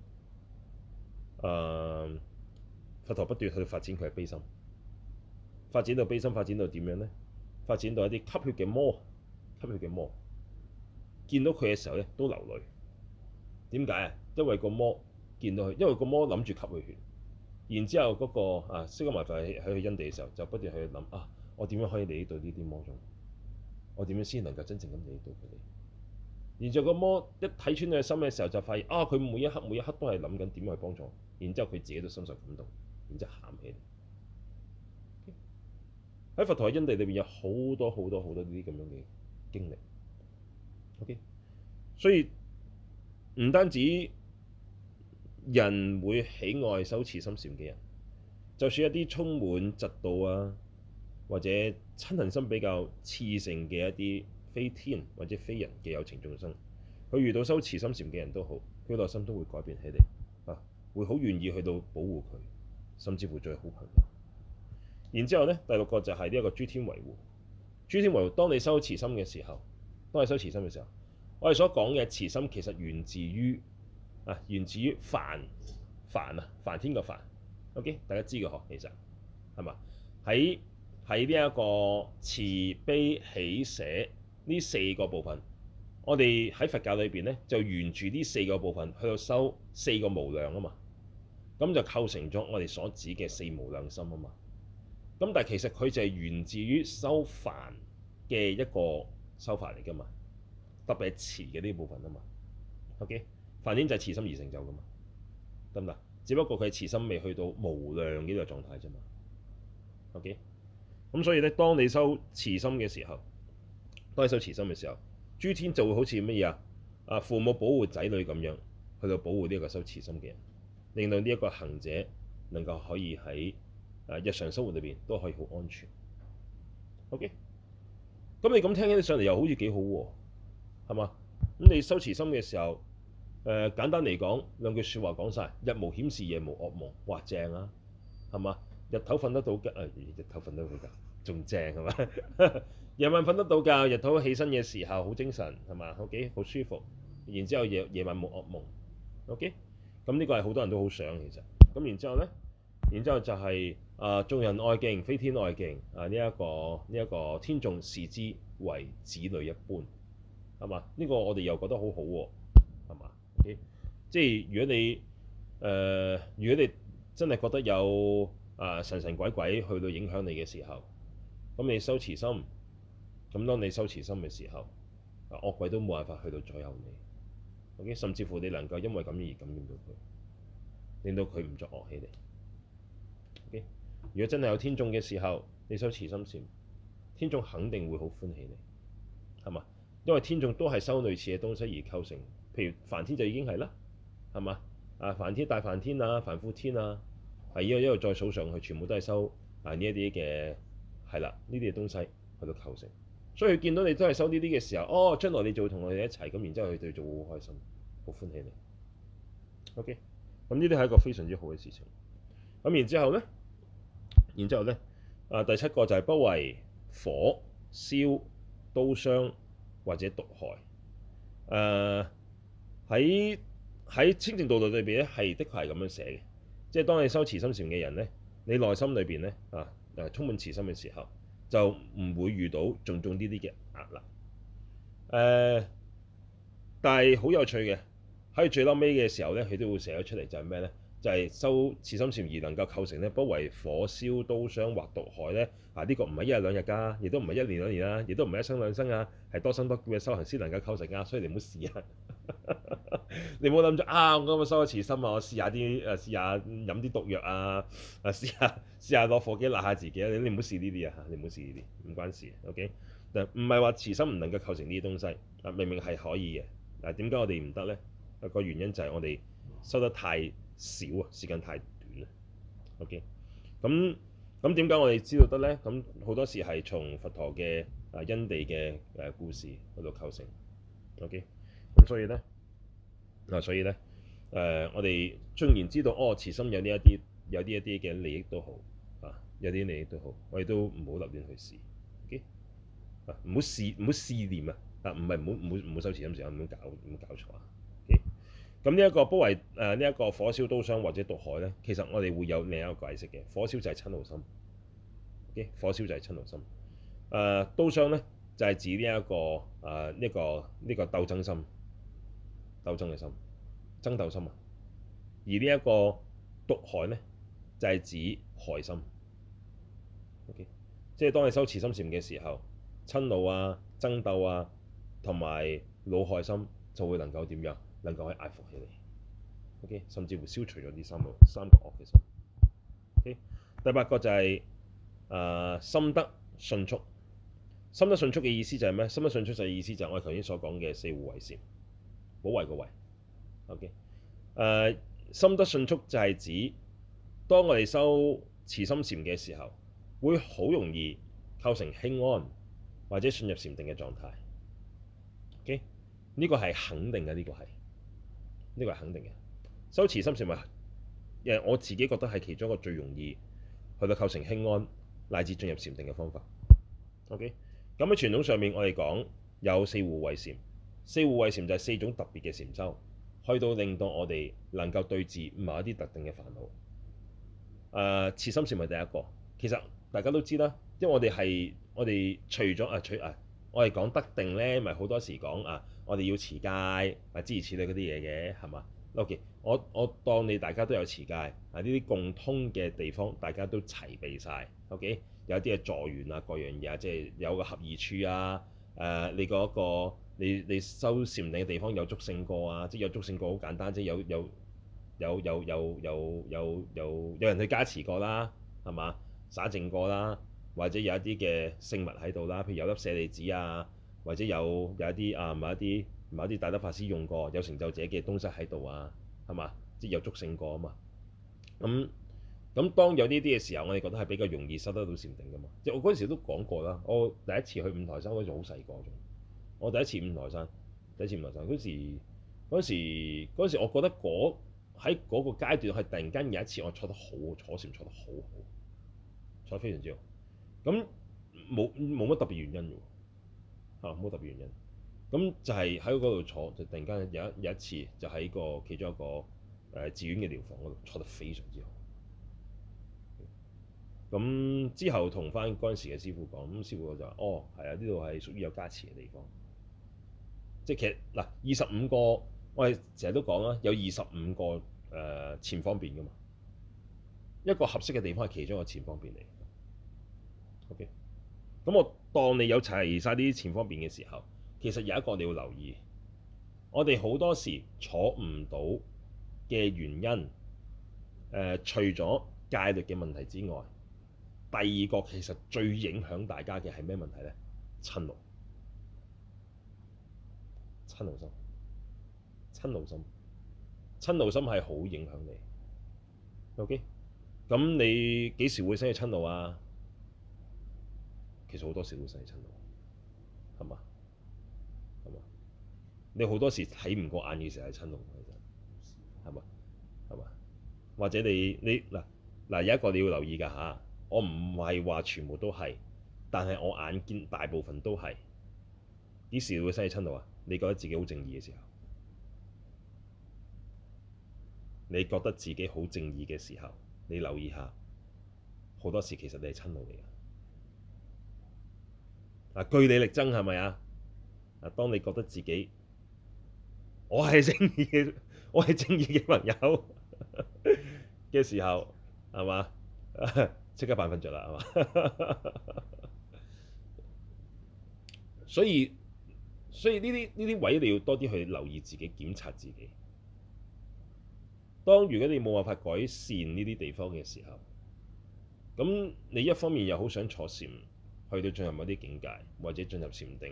嗯、佛陀不斷去發展佢嘅悲心，發展到悲心發展到點樣呢？發展到一啲吸血嘅魔，吸血嘅魔，見到佢嘅時候咧都流淚。點解啊？因為個魔見到佢，因為個魔諗住吸佢血，然之後嗰、嗰個啊，釋迦牟尼佛喺喺佢因地嘅時候，就不斷去諗啊，我點樣可以理到呢啲魔種？我點樣先能夠真正咁理到佢哋？然之後個魔一睇穿佢心嘅時候，就發現啊，佢每一刻每一刻都係諗緊點樣去幫助，然之後佢自己都深受感動，然之後喊起嚟。okay? 佛陀喺因地裏邊有好多好多好多呢啲咁樣嘅經歷。O.K.，所以。唔單止人會喜愛修慈心禪嘅人，就算一啲充滿嫉妒啊，或者瞋恨心比較熾盛嘅一啲非天或者非人嘅有情眾生，佢遇到修慈心禪嘅人都好，佢內心都會改變起嚟，啊，會好願意去到保護佢，甚至乎最好朋友。然之後呢，第六個就係呢一個諸天維護。諸天維護，當你修慈心嘅時候，當你修慈心嘅時候。我哋所講嘅慈心其實源自於啊，源自於梵梵啊，梵天嘅梵。OK，大家知嘅呵，其實係嘛？喺喺呢一個慈悲喜捨呢四個部分，我哋喺佛教裏邊呢，就沿住呢四個部分去到修四個無量啊嘛，咁就構成咗我哋所指嘅四無量心啊嘛。咁但係其實佢就係源自於修梵嘅一個修法嚟㗎嘛。特別係慈嘅呢部分啊嘛。OK，梵天就係慈心而成就噶嘛，得唔得？只不過佢嘅慈心未去到無量呢個狀態啫嘛。OK，咁所以咧，當你修慈心嘅時候，當你修慈心嘅時候，諸天就會好似乜嘢啊？啊，父母保護仔女咁樣去到保護呢一個修慈心嘅人，令到呢一個行者能夠可以喺啊日常生活裏邊都可以好安全。OK，咁你咁聽起上嚟又好似幾好喎。係嘛？咁你修慈心嘅時候，誒、呃、簡單嚟講兩句説話講晒：日無險事，夜無惡夢，哇正啊！係嘛、哎？ *laughs* 日頭瞓得到嘅，誒日頭瞓得到覺，仲正係嘛？夜晚瞓得到覺，日頭起身嘅時候好精神係嘛？OK 好舒服。然之後夜夜晚冇惡夢，OK。咁呢個係好多人都好想其實咁。然之後咧，然之後就係、是、啊、呃、眾人愛敬，非天愛敬啊呢一個呢一、這個天眾視之為子女一般。係嘛？呢個我哋又覺得好好、啊、喎，係嘛？O K，即係如果你誒、呃，如果你真係覺得有啊、呃、神神鬼鬼去到影響你嘅時候，咁你修慈心，咁當你修慈心嘅時候，啊惡鬼都冇辦法去到左右你。O K，甚至乎你能夠因為咁而感染到佢，令到佢唔作惡起嚟。O K，如果真係有天眾嘅時候，你修慈心禪，天眾肯定會好歡喜你，係嘛？因為天眾都係收類似嘅東西而構成，譬如梵天就已經係啦，係嘛？啊，梵天大梵天啊，梵輔天啊，係因個一路再數上去，全部都係收啊呢一啲嘅係啦，呢啲嘅東西去到構成，所以佢見到你都係收呢啲嘅時候，哦，將來你會就會同佢哋一齊，咁然之後佢哋就會好開心，好歡喜你。OK，咁呢啲係一個非常之好嘅事情。咁然之後咧，然之後咧，啊第七個就係不為火燒刀傷。或者毒害，誒喺喺清淨道道裏邊咧，係的確係咁樣寫嘅，即係當你修慈心禪嘅人咧，你內心裏邊咧啊誒、啊、充滿慈心嘅時候，就唔會遇到重重呢啲嘅壓力。誒、呃，但係好有趣嘅，喺最孻尾嘅時候咧，佢都會寫咗出嚟就係咩咧？就係收慈心禪而能夠構成咧，不為火燒刀傷或毒害咧。啊！呢、這個唔係一日兩日㗎、啊，亦都唔係一年兩年啦、啊，亦都唔係一生兩生啊，係多生多劫嘅修行先能夠構成啊。所以你唔好試啊！ *laughs* 你唔好諗住啊！我今日收咗慈心啊，我試下啲誒試下飲啲毒藥啊，啊試下試下落火機辣下自己啊！你你唔好試呢啲啊！你唔好試呢啲，唔關事。OK，嗱唔係話慈心唔能夠構成呢啲東西啊，明明係可以嘅。嗱點解我哋唔得咧？個原因就係我哋收得太少啊，時間太短啦。OK，咁咁點解我哋知道得咧？咁好多時係從佛陀嘅啊因地嘅誒、啊、故事去到構成。OK，咁所以咧嗱、啊，所以咧誒、啊，我哋縱然知道哦，慈心有呢一啲有啲一啲嘅利益都好啊，有啲利益都好，我哋都唔好立亂去試。OK，啊唔好試唔好試念啊！啊唔係唔好唔好唔好收慈心嘅時候，唔好搞唔好搞錯啊！咁呢一個不為誒呢一個火燒刀傷或者毒害咧，其實我哋會有另一個解釋嘅。火燒就係嗔怒心，okay? 火燒就係嗔怒心。誒、呃、刀傷咧就係、是、指呢、這、一個誒呢、呃這個呢、這個鬥爭心，鬥爭嘅心，爭鬥心啊。而呢一個毒害咧就係、是、指害心。O.K.，即係當你修慈心觀嘅時候，嗔怒啊、爭鬥啊同埋惱害心就會能夠點樣？能夠去壓伏起嚟，OK，甚至乎消除咗呢三個三個惡嘅心。OK，第八個就係、是、誒、呃，心得迅速，心得迅速嘅意思就係咩、okay? 呃？心得迅速就係意思就係我哋頭先所講嘅四護衛禪，保衛個衛。OK，誒，心得迅速就係指當我哋修慈心禪嘅時候，會好容易構成輕安或者進入禪定嘅狀態。OK，呢個係肯定嘅，呢、這個係。呢、這個係肯定嘅，修慈心禪咪，因為我自己覺得係其中一個最容易去到構成輕安，乃至進入禪定嘅方法。O K，咁喺傳統上面，我哋講有四護衛禪，四護衛禪就係四種特別嘅禪修，去到令到我哋能夠對治某一啲特定嘅煩惱。誒、呃，慈心禪咪第一個，其實大家都知啦，因為我哋係我哋除咗誒、啊、除誒。啊我哋講得定呢，咪好多時講啊！我哋要持戒，咪諸如此類嗰啲嘢嘅，係嘛？OK，我我當你大家都有持戒啊，呢啲共通嘅地方大家都齊備晒。OK，有啲係助緣啊，各樣嘢啊，即係有個合意處啊。誒、啊，你、嗰個個你你修禪定嘅地方有祝聖過啊，即係有祝聖過好簡單，即係有有有有有有有有有人去加持過啦，係嘛？撒淨過啦。或者有一啲嘅聖物喺度啦，譬如有粒舍利子啊，或者有有一啲啊，某一啲某一啲大德法師用過有成就者嘅東西喺度啊，係嘛？即係有足聖過啊嘛。咁咁當有呢啲嘅時候，我哋覺得係比較容易收得到禪定噶嘛。即係我嗰陣時都講過啦，我第一次去五台山嗰時好細個仲，我第一次五台山第一次五台山嗰時嗰時嗰時，我覺得喺嗰個階段係，突然間有一次我坐得好坐禪坐得好好，坐得非常之好。咁冇冇乜特別原因喎，冇乜特別原因。咁就係喺嗰度坐，就突然間有一有一次就一，就喺個其中一個誒寺院嘅療房嗰度坐得非常之好。咁、嗯、之後同翻嗰陣時嘅師傅講，咁師傅就話：哦，係啊，呢度係屬於有加持嘅地方。即、就、係、是、其實嗱，二十五個我哋成日都講啦，有二十五個、呃、前方便㗎嘛，一個合適嘅地方係其中一個前方便嚟。O.K.，咁我當你有齊曬啲前方便嘅時候，其實有一個你要留意，我哋好多時坐唔到嘅原因，呃、除咗戒律嘅問題之外，第二個其實最影響大家嘅係咩問題呢？瞋怒，瞋怒心，瞋怒心，瞋怒心係好影響你。O.K.，咁你幾時會生起瞋怒啊？其實好多時都係親路，係嘛？係嘛？你好多時睇唔過眼嘅時候係親路其實，係嘛？係嘛？或者你你嗱嗱、啊啊、有一個你要留意㗎吓，我唔係話全部都係，但係我眼見大部分都係。幾時會嘥氣親路啊？你覺得自己好正義嘅時候，你覺得自己好正義嘅時候，你留意下，好多時其實你係親路嚟嘅。嗱，據理力爭係咪啊？嗱，當你覺得自己我係正義嘅，我係正義嘅朋友嘅時候，係嘛？即刻扮瞓着啦，係嘛？所以所以呢啲呢啲位你要多啲去留意自己，檢查自己。當如果你冇辦法改善呢啲地方嘅時候，咁你一方面又好想坐禪，去到進入某啲境界，或者進入禪定；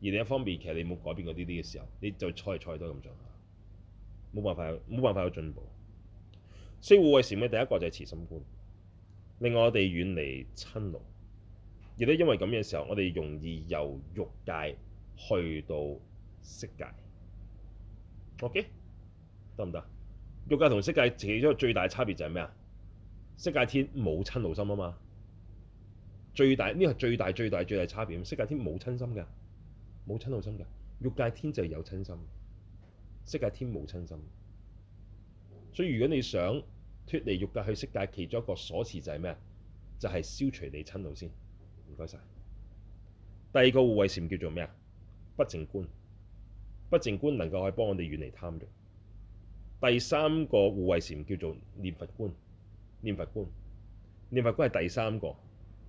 而另一方面，其實你冇改變過呢啲嘅時候，你就坐嚟坐去都係咁做，冇辦法，冇辦法有進步。所以護衞禪嘅第一個就係慈心觀，另外我哋遠離瞋怒，亦都因為咁嘅時候，我哋容易由欲界去到色界。OK，得唔得？欲界同色界其中最大差別就係咩啊？色界天冇瞋怒心啊嘛。最大呢個最大、最大、最大差別。色界天冇親心㗎，冇親怒心㗎。欲界天就有親心，色界天冇親心。所以如果你想脫離欲界去色界，其中一個鎖匙就係咩啊？就係、是、消除你親怒先。唔該晒。第二個護衞禪叫做咩啊？不淨觀。不淨觀能夠可以幫我哋遠離貪欲。第三個護衞禪叫做念佛觀。念佛觀，念佛觀係第三個。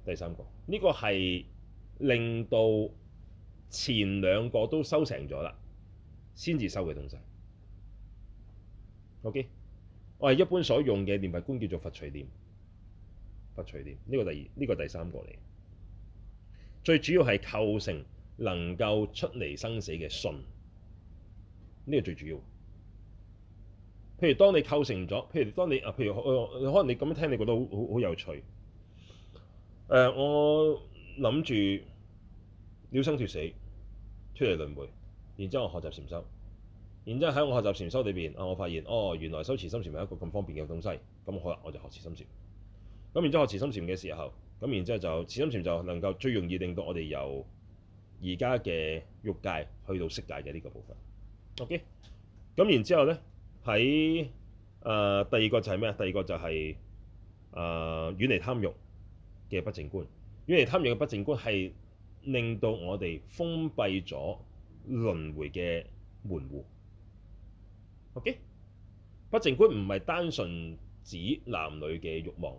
第三個，呢個係令到前兩個都收成咗啦，先至收嘅東西。OK，我係一般所用嘅念佛觀叫做佛隨念，佛隨念呢個第二，呢個第三個嚟。最主要係構成能夠出離生死嘅信，呢個最主要。譬如當你構成咗，譬如當你啊，譬如、呃、可能你咁樣聽，你覺得好好有趣。誒、呃，我諗住了生脫死，脫離輪迴，然之後我學習禪修，然之後喺我學習禪修裏邊，啊，我發現哦，原來修慈心禪係一個咁方便嘅東西，咁好啦，我就學慈心禪。咁然之後學慈心禪嘅時候，咁然之後就慈心禪就能夠最容易令到我哋由而家嘅欲界去到色界嘅呢個部分。OK，咁然之後咧喺誒第二個就係咩啊？第二個就係誒遠離貪欲嘅不淨觀，因為貪欲嘅不淨觀係令到我哋封閉咗輪迴嘅門戶。OK，不淨觀唔係單純指男女嘅慾望，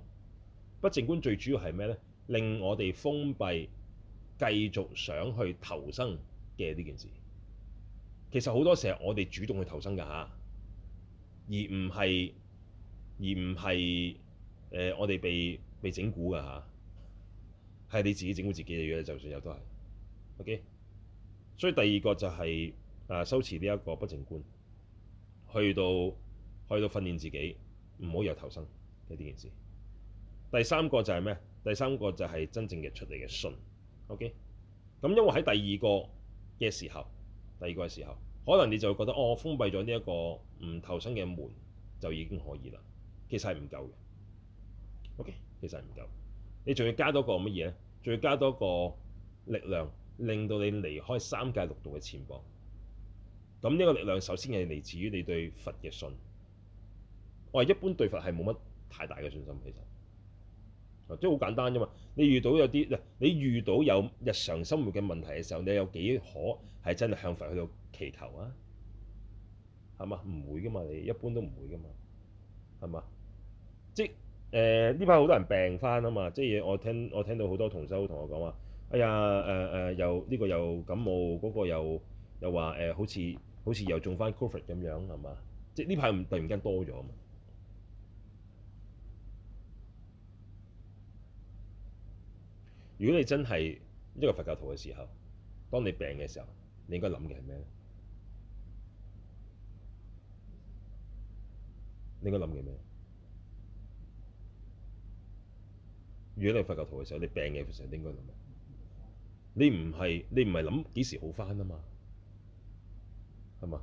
不淨觀最主要係咩呢？令我哋封閉繼續想去投生嘅呢件事。其實好多時候我哋主動去投生㗎吓，而唔係而唔係、呃、我哋被被整蠱㗎吓。係你自己整蠱自己嘅嘢，就算有都係。OK，所以第二個就係誒修持呢一個不淨觀，去到去到訓練自己唔好有投生嘅呢件事。第三個就係咩？第三個就係真正嘅出嚟嘅信。OK，咁因為喺第二個嘅時候，第二個嘅時候，可能你就會覺得哦，我封閉咗呢一個唔投生嘅門就已經可以啦。其實係唔夠嘅。OK，其實係唔夠。你仲要加多個乜嘢咧？仲要加多個力量，令到你離開三界六道嘅纏縛。咁呢個力量首先係嚟自於你對佛嘅信。我、哦、一般對佛係冇乜太大嘅信心，其實，即係好簡單啫嘛。你遇到有啲，你遇到有日常生活嘅問題嘅時候，你有幾可係真係向佛去到祈求啊？係嘛？唔會㗎嘛，你一般都唔會㗎嘛，係嘛？即誒呢排好多人病翻啊嘛，即係我聽我聽到好多同修同我講話，哎呀誒誒、呃呃、又呢、呢個又感冒，嗰、嗰個又又話誒、呃、好似好似又中翻 Covid 咁樣係嘛？即係呢排唔突然間多咗嘛？如果你真係一個佛教徒嘅時候，當你病嘅時候，你應該諗嘅係咩咧？你應該諗嘅咩？如果你係佛教徒嘅時候，你病嘅時候應該諗咩？你唔係你唔係諗幾時好返啊嘛？係嘛？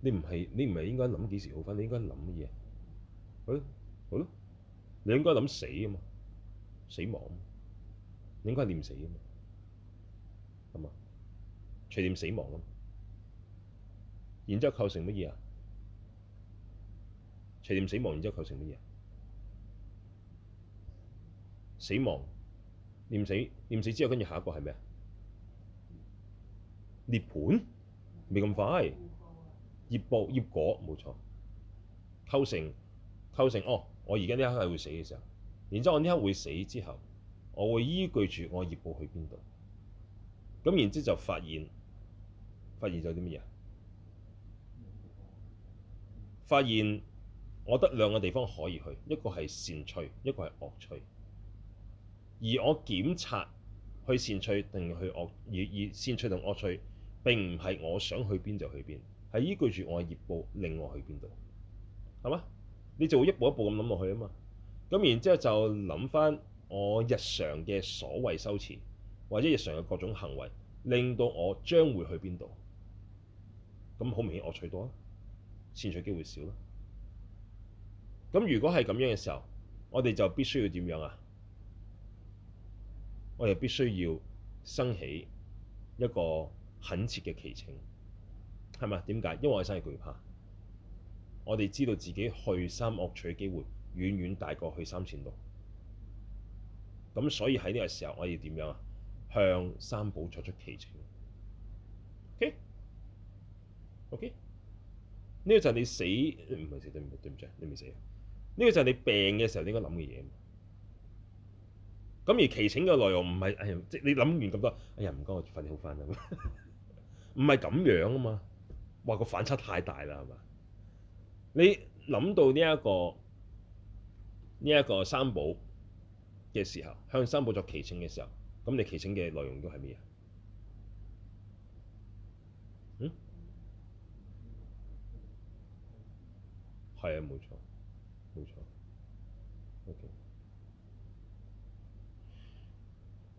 你唔係你唔係應該諗幾時好返？你應該諗乜嘢？好咯好咯，你應該諗死啊嘛，死亡，你應該念死啊嘛，係嘛？隨念死亡啊嘛，然之後構成乜嘢啊？隨念死亡，然之後構成乜嘢？死亡，念死念死之後，跟住下一個係咩啊？涅槃未咁快，業報業果冇錯，構成構成哦。我而家呢刻係會死嘅時候，然之後我呢刻會死之後，我會依據住我業報去邊度，咁然之後就發現發現咗啲乜嘢？發現我得兩個地方可以去，一個係善趣，一個係惡趣。而我檢察去善趣定去惡，以以善趣定惡趣，並唔係我想去邊就去邊，係依據住我嘅業報令我去邊度，係嘛？你就會一步一步咁諗落去啊嘛。咁然之後就諗翻我日常嘅所謂羞恥，或者日常嘅各種行為，令到我將會去邊度？咁好明顯惡趣多啊，善趣機會少啊。咁如果係咁樣嘅時候，我哋就必須要點樣啊？我哋必須要生起一個懇切嘅祈請，係咪啊？點解？因為我哋真係懼怕，我哋知道自己去三惡趣嘅機會遠遠大過去三善道。咁所以喺呢個時候，我要點樣啊？向三寶作出祈請。OK，OK，okay? okay? 呢個就係你，死唔係死，對唔住對唔住，你未死啊？呢、這個就係你病嘅時候你應該諗嘅嘢。咁而祈請嘅內容唔係，哎即係你諗完咁多，哎呀，唔該，我瞓好翻啦，唔係咁樣啊嘛，哇，個反差太大啦，係嘛？你諗到呢一個呢一個三寶嘅時候，向三寶作祈請嘅時候，咁你祈請嘅內容都係咩啊？嗯，係啊，冇錯。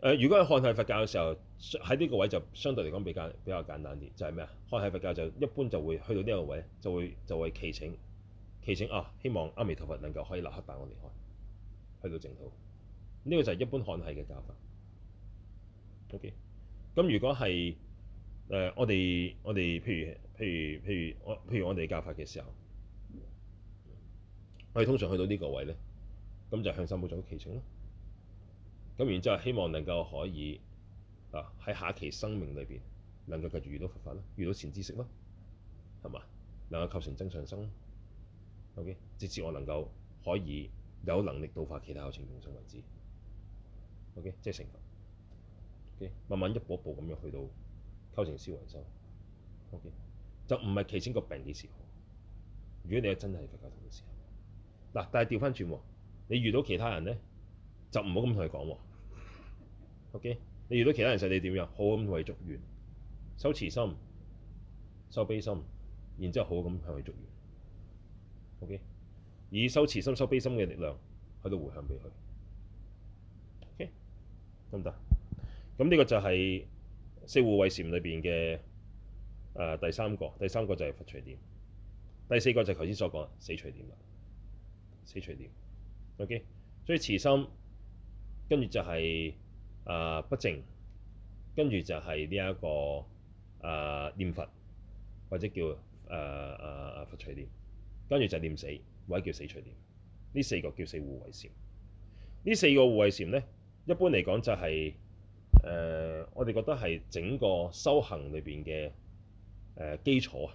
誒、呃，如果係漢系佛教嘅時候，喺呢個位就相對嚟講比較比較簡單啲，就係咩啊？漢系佛教就一般就會去到呢個位，就會就會祈請祈請啊，希望阿彌陀佛能夠可以立刻帶我離開，去到淨土。呢、這個就係一般漢系嘅教法。OK，咁如果係誒、呃、我哋我哋譬如譬如，譬如，譬，如，譬，如譬如我譬如我哋教法嘅時候，我哋通常去到呢個位咧，咁就向三寶做祈請咯。咁然之後，希望能夠可以啊喺下期生命裏邊能夠繼續遇到佛法啦，遇到善知識啦，係嘛？能夠構成增上生，OK，直至我能夠可以有能力度化其他有情眾生為止，OK，即係成佛，OK，慢慢一步一步咁樣去到構成思維修，OK，就唔係祈先個病嘅時候。如果你真係佛教徒嘅時候，嗱、啊，但係調翻轉喎，你遇到其他人咧，就唔好咁同佢講喎。OK，你遇到其他人時，你點樣好咁為祝願修慈心、修悲心，然之後好咁向佢祝願。OK，以修慈心、修悲心嘅力量喺度回向俾佢。OK，得唔得？咁呢個就係四護衞禪裏邊嘅誒第三個，第三個就係佛隨念，第四個就係頭先所講嘅死隨念啦，死隨念。OK，所以慈心。跟住就係、是、啊、呃、不淨，跟住就係呢一個啊、呃、念佛，或者叫誒誒誒佛隨念，跟住就係念死，或者叫死隨念。呢四個叫四護衞禪。呢四個護衞禪咧，一般嚟講就係、是、誒、呃、我哋覺得係整個修行裏邊嘅誒基礎啊，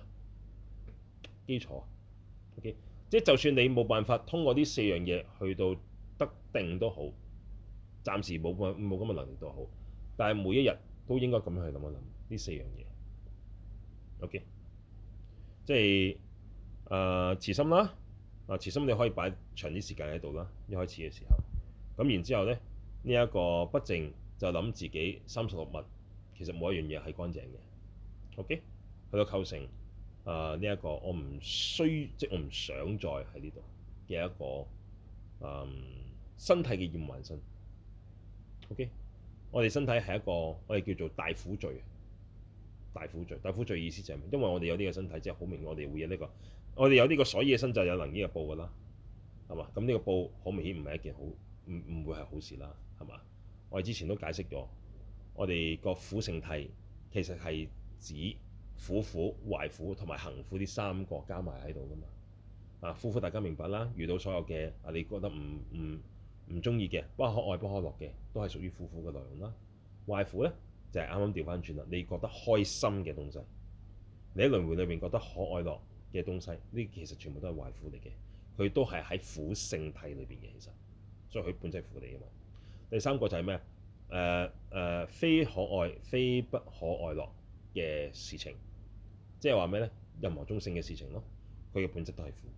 基礎。O K，即係就算你冇辦法通過呢四樣嘢去到得定都好。暫時冇冇咁嘅能力都好，但係每一日都應該咁樣去諗一諗呢四樣嘢。OK，即係誒慈心啦，啊慈心你可以擺長啲時間喺度啦。一開始嘅時候，咁然之後咧呢一、呢個不淨就諗自己三十六物，其實冇一樣嘢係乾淨嘅。OK，去到構成誒呢、呃呢個就是、一個我唔需即我唔想再喺呢度嘅一個身體嘅厭患身。O.K. 我哋身體係一個我哋叫做大苦罪，大苦罪，大苦罪嘅意思就係、是，因為我哋有呢個身體，即係好明，我哋會有呢個，我哋有呢個，所以嘅身就有能依個報噶啦，係嘛？咁呢個報好明顯唔係一件好，唔唔會係好事啦，係嘛？我哋之前都解釋咗，我哋個苦性係其實係指苦苦、壞苦同埋行苦啲三個加埋喺度噶嘛。啊，苦苦大家明白啦，遇到所有嘅啊，你覺得唔唔唔中意嘅，不可愛不可樂嘅，都係屬於苦苦嘅內容啦。壞苦呢，就係啱啱調翻轉啦。你覺得開心嘅東西，你喺輪迴裏面覺得可愛樂嘅東西，呢其實全部都係壞苦嚟嘅，佢都係喺苦性體裏邊嘅，其實，所以佢本質係苦嚟嘅嘛。第三個就係咩啊？誒、呃呃、非可愛非不可愛樂嘅事情，即係話咩呢？任何中性嘅事情咯，佢嘅本質都係苦，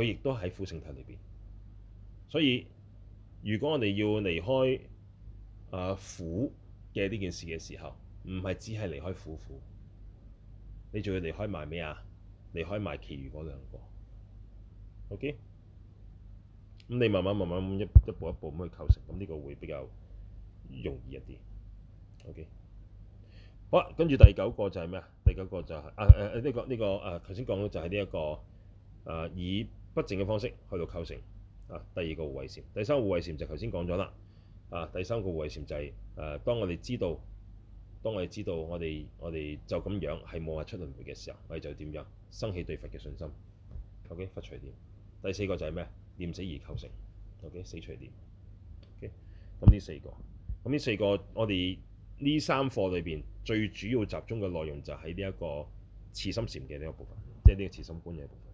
佢亦都喺苦性體裏邊，所以。如果我哋要離開啊苦嘅呢件事嘅時候，唔係只係離開苦苦，你仲要離開埋咩啊？離開埋其餘嗰兩個，OK？咁你慢慢慢慢一一步一步咁去構成，咁呢個會比較容易一啲，OK？好啦，跟住第九個就係咩啊？第九個就係、係、啊誒誒呢個呢、呢個啊頭先講咗就係呢一個啊以不正嘅方式去到構成。啊，第二個護衞禪，第三個護衞禪就頭先講咗啦。啊，第三個護衞禪就係、是、誒、啊，當我哋知道，當我哋知道我哋我哋就咁樣係冇法出輪迴嘅時候，我哋就點樣生起對佛嘅信心、嗯、？OK，佛隨念？第四個就係咩？念死而求成、嗯。OK，死隨念？OK，咁呢四個，咁呢四個，我哋呢三課裏邊最主要集中嘅內容就係呢一個慈心禪嘅呢個部分，即係呢個慈心觀嘅部分。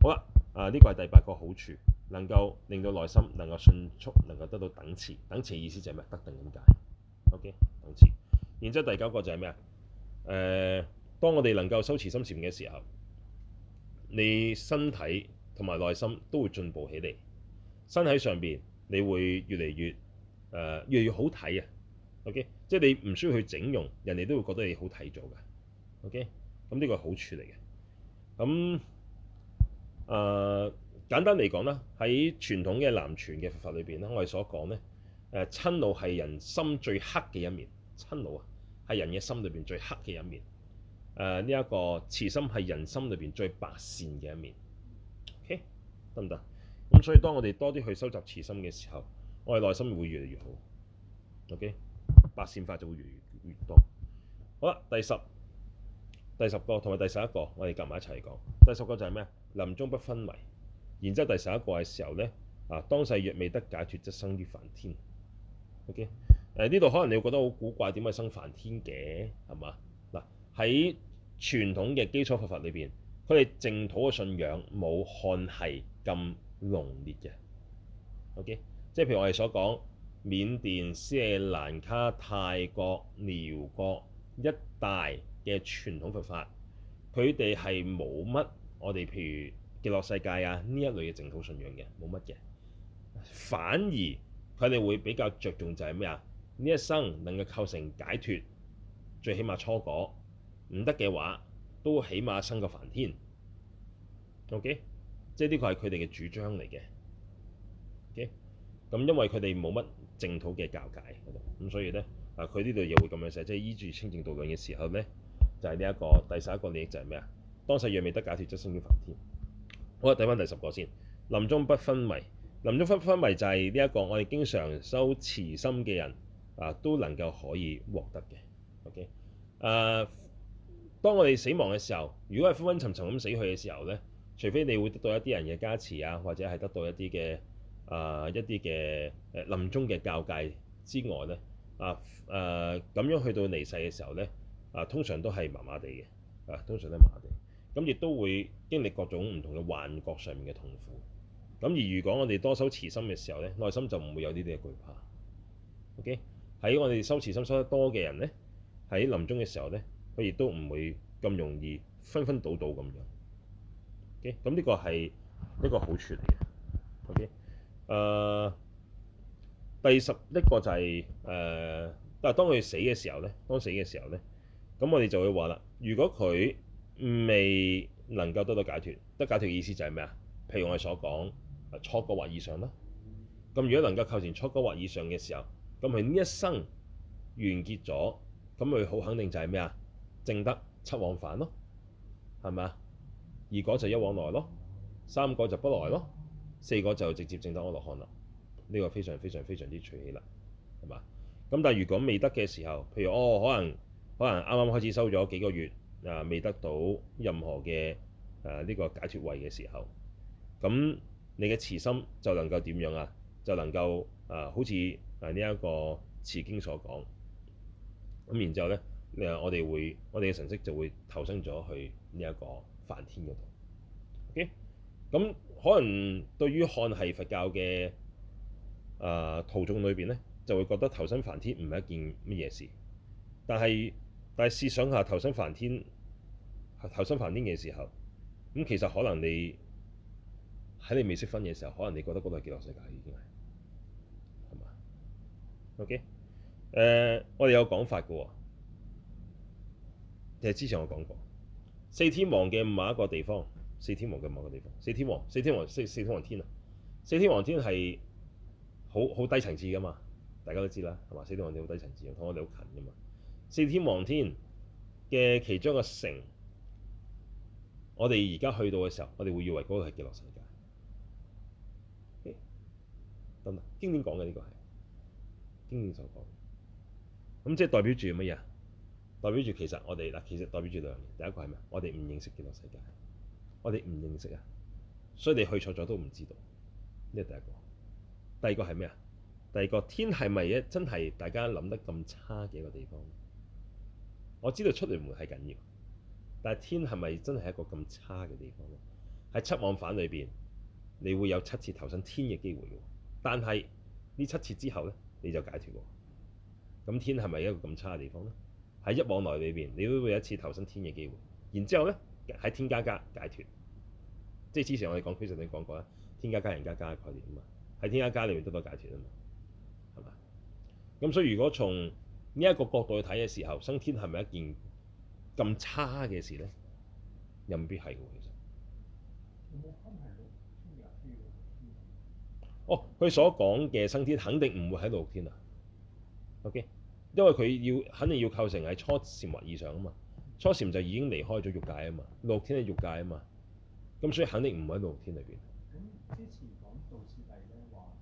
好啦、啊，啊呢、這個係第八個好處。能夠令到內心能夠迅速能夠得到等持，等持嘅意思就係咩？得定咁解，OK，等持。然之後第九個就係咩啊？誒、呃，當我哋能夠修持心禪嘅時候，你身體同埋內心都會進步起嚟。身體上邊你會越嚟越誒、呃、越嚟越好睇啊！OK，即係你唔需要去整容，人哋都會覺得你好睇咗㗎。OK，咁、嗯、呢、這個好處嚟嘅。咁、嗯、誒？呃簡單嚟講咧，喺傳統嘅南傳嘅佛法裏邊咧，我哋所講咧，誒瞋怒係人心最黑嘅一面，瞋怒啊係人嘅心裏邊最黑嘅一面。誒呢一個慈心係人心裏邊最白善嘅一面得唔得？咁、okay? 所以當我哋多啲去收集慈心嘅時候，我哋內心會越嚟越好。OK 白善法就會越越多。好啦，第十第十個同埋第十一個，我哋夾埋一齊講。第十個就係咩？臨終不昏迷。然之後第十一個嘅時候呢，啊，當世若未得解脫，則生於梵天。OK，誒呢度可能你會覺得好古怪，點解生梵天嘅？係嘛？嗱，喺傳統嘅基礎佛法裏邊，佢哋淨土嘅信仰冇漢系咁濃烈嘅。OK，即係譬如我哋所講，緬甸、斯里蘭卡、泰國、寮國一帶嘅傳統佛法，佢哋係冇乜我哋譬如。極樂世界啊！呢一類嘅淨土信仰嘅冇乜嘅，反而佢哋會比較着重就係咩啊？呢一生能夠構成解脫，最起碼初果唔得嘅話，都起碼生個梵天。OK，即係呢個係佢哋嘅主張嚟嘅。OK，咁因為佢哋冇乜淨土嘅教解，咁所以咧啊，佢呢度又會咁樣寫，即係依住清淨道論嘅時候咧，就係呢一個第十一個利益就係咩啊？當世若未得解脫，則生於梵天。我睇翻第十個先，臨終不昏迷。臨終分不昏迷就係呢一個，我哋經常修慈心嘅人啊，都能夠可以獲得嘅。OK，啊，當我哋死亡嘅時候，如果係昏昏沉沉咁死去嘅時候咧，除非你會得到一啲人嘅加持啊，或者係得到一啲嘅啊一啲嘅誒臨終嘅教戒之外咧，啊誒咁、啊、樣去到離世嘅時候咧，啊通常都係麻麻地嘅，啊通常都麻麻地。咁亦都會經歷各種唔同嘅幻覺上面嘅痛苦。咁而如果我哋多修慈心嘅時候咧，內心就唔會有呢啲嘅懼怕。OK，喺我哋修慈心修得多嘅人咧，喺臨終嘅時候咧，佢亦都唔會咁容易分分倒倒咁樣。OK，咁呢個係一個好處嚟嘅。OK，誒第十一個就係誒，但係當佢死嘅時候咧，當死嘅時候咧，咁我哋就會話啦，如果佢未能夠得到解脫，得解脫嘅意思就係咩啊？譬如我哋所講，初果或以上咯。咁如果能夠構成初果或以上嘅時候，咁佢呢一生完結咗，咁佢好肯定就係咩啊？正得七往返咯，係咪啊？二果就一往來咯，三果就不來咯，四果就直接正得阿羅漢咯。呢、這個非常非常非常之殊喜啦，係嘛？咁但係如果未得嘅時候，譬如哦，可能可能啱啱開始收咗幾個月。啊！未得到任何嘅誒呢個解脱位嘅時候，咁你嘅慈心就能夠點樣啊？就能夠啊！好似誒呢一個《慈經》所講，咁然之後咧，誒我哋會我哋嘅神識就會投身咗去呢一個梵天嗰度。O K，咁可能對於漢系佛教嘅誒、啊、徒眾裏邊咧，就會覺得投身梵天唔係一件乜嘢事，但係但係試想下投身梵天。投生梵天嘅時候，咁其實可能你喺你未識分嘅時候，可能你覺得嗰度係極樂世界已經係係嘛？OK 誒、呃，我哋有講法嘅喎，其實之前我講過四天王嘅某一個地方，四天王嘅某一個地方，四天王、四天王、四四天王天啊！四天王天係好好低層次噶嘛？大家都知啦，係嘛？四天王天好低層次，同我哋好近噶嘛？四天王天嘅其中一個城，我哋而家去到嘅時候，我哋會以為嗰個係極樂世界。得啦，經典講嘅呢個係經典所講嘅。咁即係代表住乜嘢？代表住其實我哋嗱，其實代表住兩點。第一個係咩？我哋唔認識極樂世界，我哋唔認識啊，所以你去錯咗都唔知道。呢個第一個。第二個係咩啊？第二個天係咪一真係大家諗得咁差嘅一個地方？我知道出嚟門係緊要。但係天係咪真係一個咁差嘅地方咧？喺七往反裏邊，你會有七次投身天嘅機會嘅。但係呢七次之後咧，你就解脫喎。咁天係咪一個咁差嘅地方咧？喺一往來裏邊，你都會有一次投身天嘅機會。然之後咧，喺天加加解脫，即係之前我哋講《推算》你講過啦，天加加人加加嘅概念啊嘛。喺天加加裏面都得解脫啊嘛，係嘛？咁所以如果從呢一個角度去睇嘅時候，生天係咪一件咁差嘅事咧，又未必係喎。其實，哦，佢所講嘅生天肯定唔會喺六欲天啊。OK，因為佢要肯定要構成喺初禪或以上啊嘛。初禪就已經離開咗欲界啊嘛，六欲天係欲界啊嘛，咁所以肯定唔會喺六欲天裏邊。咁之前講到似係咧話，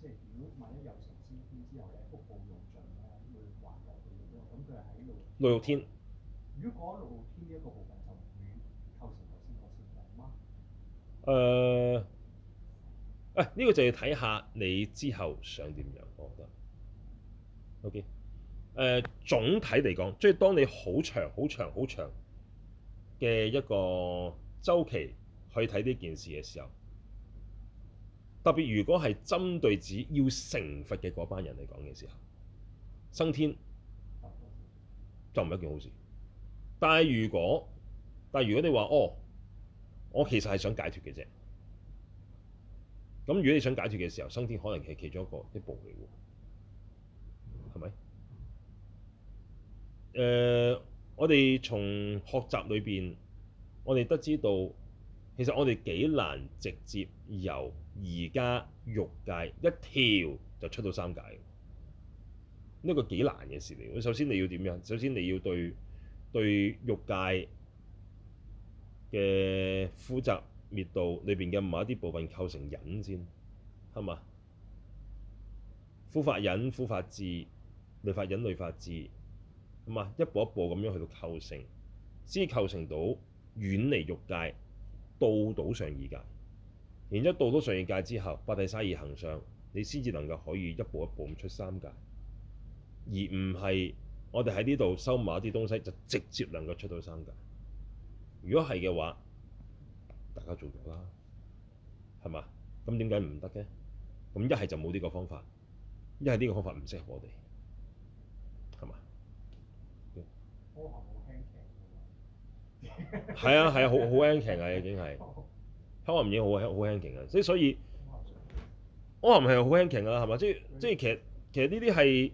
即係如果萬一有情生天之後咧，福報用盡咧，會還嘅咁，佢係喺六欲天。如一個呢、呃哎呢個就要睇下你之後想點樣。我覺得，OK、呃。誒，總體嚟講，即係當你好長、好長、好長嘅一個周期去睇呢件事嘅時候，特別如果係針對自己要成佛嘅嗰班人嚟講嘅時候，升天就唔係一件好事。但係如果，但係如果你話哦，我其實係想解脫嘅啫，咁如果你想解脫嘅時候，生天可能係其中一個一步嚟喎，係咪？誒、呃，我哋從學習裏邊，我哋得知到，其實我哋幾難直接由而家欲界一跳就出到三界，呢、這個幾難嘅事嚟。首先你要點樣？首先你要對。對欲界嘅苦集滅道裏邊嘅某一啲部分構成忍先，係嘛？苦法忍、苦法智、類法忍、類法智，係嘛？一步一步咁樣去到構成，先構成到遠離欲界到到上二界，然之後到到上二界之後，八諦沙義行相，你先至能夠可以一步一步咁出三界，而唔係。我哋喺呢度收買啲東西，就直接能夠出到三界。如果係嘅話，大家做咗啦，係嘛？咁點解唔得嘅？咁一係就冇呢個方法，一係呢個方法唔適合我哋，係嘛？柯係啊係啊，好好輕鬆㗎已經係。港唔已經好輕好輕啊，即係 *laughs* 所以柯唔係好輕鬆㗎啦，係嘛？即係即係其實其實呢啲係。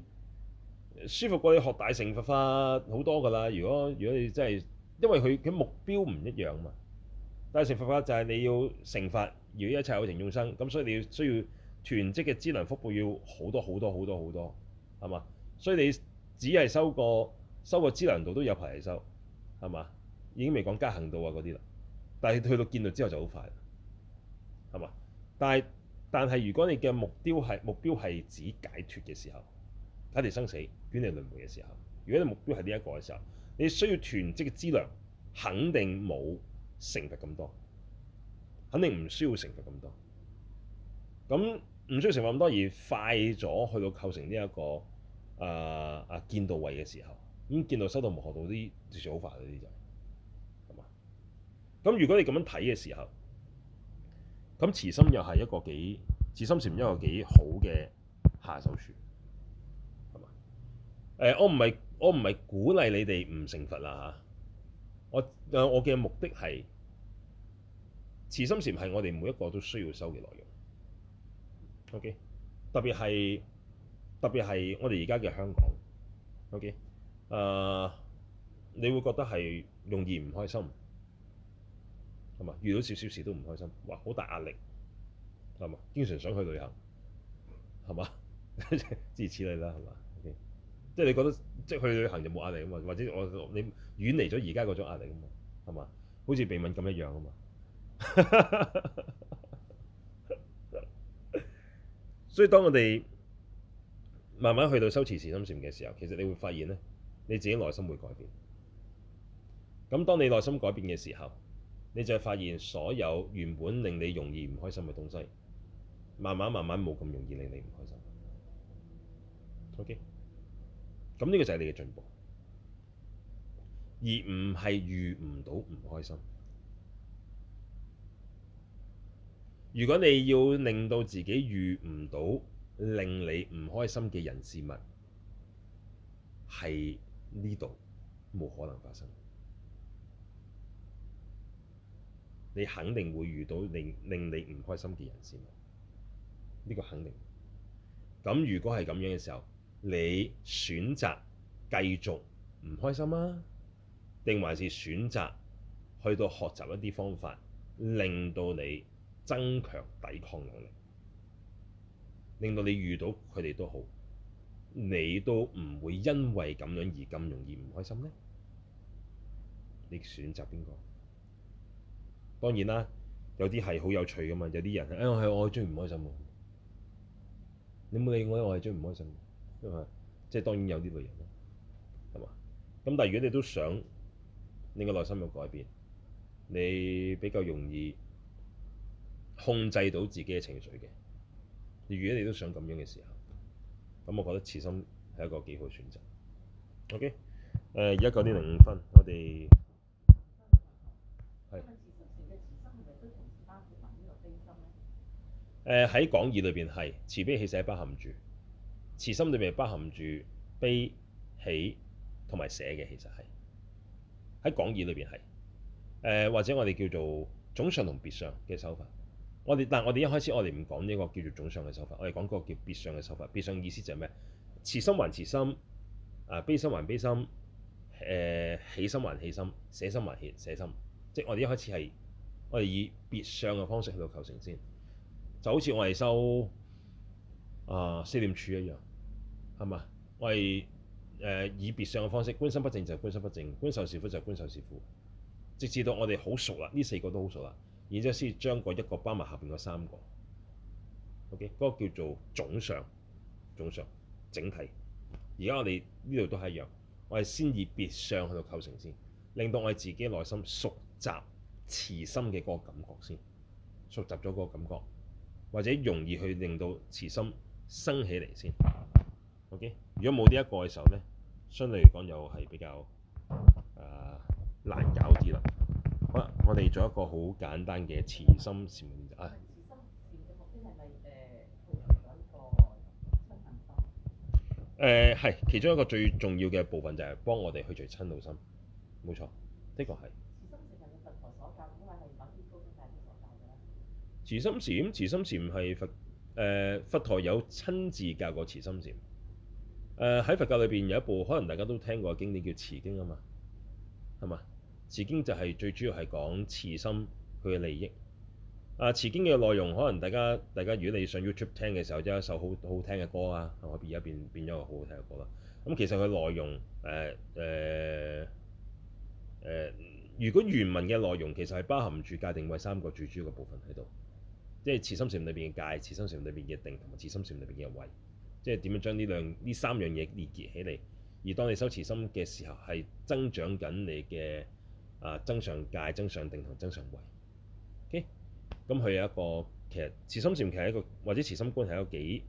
舒服過你學大乘佛法好多㗎啦！如果如果你真係，因為佢佢目標唔一樣嘛。大乘佛法就係你要成佛，如果一切有情眾生，咁所以你要需要囤積嘅資糧，福報要好多好多好多好多，係嘛？所以你只係收個收個資糧道都有排嚟收，係嘛？已經未講加行道啊嗰啲啦。但係去到見道之後就好快啦，係嘛？但係但係如果你嘅目標係目標係指解脫嘅時候。睇住生死、轉嚟輪回嘅時候，如果你目標係呢一個嘅時候，你需要囤積嘅資糧肯定冇成佛咁多，肯定唔需要成佛咁多。咁唔需要成佛咁多，而快咗去到構成呢、這、一個啊啊、呃、見到位嘅時候，已經見到、收到,無學到啲、悟到啲，自然好快嗰啲就係嘛。咁如果你咁樣睇嘅時候，咁慈心又係一個幾慈心禪因一個幾好嘅下手處。誒、呃，我唔係我唔係鼓勵你哋唔成佛啦嚇。我誒我嘅目的係慈心禪係我哋每一個都需要修嘅內容。OK，特別係特別係我哋而家嘅香港。OK，誒、呃、你會覺得係容易唔開心係嘛？遇到少少事都唔開心，哇！好大壓力係嘛？經常想去旅行係嘛？諸如此類啦係嘛？ *laughs* 即係你覺得，即係去旅行就冇壓力啊嘛，或者我你遠離咗而家嗰種壓力啊嘛，係嘛？好似鼻敏感一樣啊嘛。 *laughs* 所以當我哋慢慢去到修慈心禪嘅時候，其實你會發現咧，你自己內心會改變。咁當你內心改變嘅時候，你就發現所有原本令你容易唔開心嘅東西，慢慢慢慢冇咁容易令你唔開心。O K。咁呢個就係你嘅進步，而唔係遇唔到唔開心。如果你要令到自己遇唔到令你唔開心嘅人事物，係呢度冇可能發生。你肯定會遇到令令你唔開心嘅人事物，呢個肯定。咁如果係咁樣嘅時候，你選擇繼續唔開心啊？定還是選擇去到學習一啲方法，令到你增強抵抗能力，令到你遇到佢哋都好，你都唔會因為咁樣而咁容易唔開心呢？你選擇邊個？當然啦，有啲係好有趣噶嘛。有啲人誒、哎，我係我最唔開心喎。你冇理我，我係最唔開心。即係，即當然有呢類型咯，係嘛？咁但係如果你都想你嘅內心有改變，你比較容易控制到自己嘅情緒嘅，如果你都想咁樣嘅時候，咁我覺得慈心係一個幾好選擇。OK，誒、呃，而家九點零五分，我哋係喺廣義裏邊係慈悲喜捨包含住，慈心裏面包含住悲喜同埋捨嘅，其實係喺講義裏邊係誒，或者我哋叫做總上同別上」嘅手法。我哋嗱，但我哋一開始我哋唔講呢個叫做總上」嘅手法，我哋講嗰個叫別上」嘅手法。別上」意思就係咩？慈心還慈心啊、呃，悲心還悲心誒、呃，喜心還喜心，捨心還捨捨心。即係我哋一開始係我哋以別上」嘅方式去到求成先，就好似我哋修啊四念處一樣。係嘛？我係誒以別相嘅方式，觀身不淨就係觀身不淨，觀受是苦就係觀受是苦。直至到我哋好熟啦，呢四個都好熟啦，然之後先將個一個包埋下邊個三個。OK，嗰個叫做總相、總相、整體。而家我哋呢度都係一樣，我係先以別相去到構成先，令到我哋自己內心熟習慈心嘅嗰個感覺先，熟習咗嗰個感覺，或者容易去令到慈心生起嚟先。OK，如果冇呢一個嘅時候咧，相對嚟講又係比較誒、呃、難搞啲啦。好啦，我哋做一個好簡單嘅慈心禪啊！誒、哎、係，其中一個最重要嘅部分就係幫我哋去除親老心。冇錯，的確係。慈心禪，慈心禪係佛誒佛陀有親自教過慈心禪。誒、呃、喺佛教裏邊有一部可能大家都聽過嘅經典叫慈經，是《慈經、就是》啊嘛，係嘛？《慈經》就係最主要係講慈心佢嘅利益。啊，《慈經》嘅內容可能大家大家如果你上 YouTube 聽嘅時候，有一首好好聽嘅歌啊，我而家變變咗個好好聽嘅歌啦。咁其實佢內容誒誒誒，如果原文嘅內容其實係包含住戒定慧三個最主要嘅部分喺度，即、就、係、是、慈心禪裏邊嘅戒、慈心禪裏邊嘅定同埋慈心禪裏邊嘅慧。即係點樣將呢兩呢三樣嘢連結起嚟？而當你修慈心嘅時候，係增長緊你嘅啊增上戒、增上定同增上慧。咁、okay? 佢有一個其實慈心禪其實係一個或者慈心觀係一個幾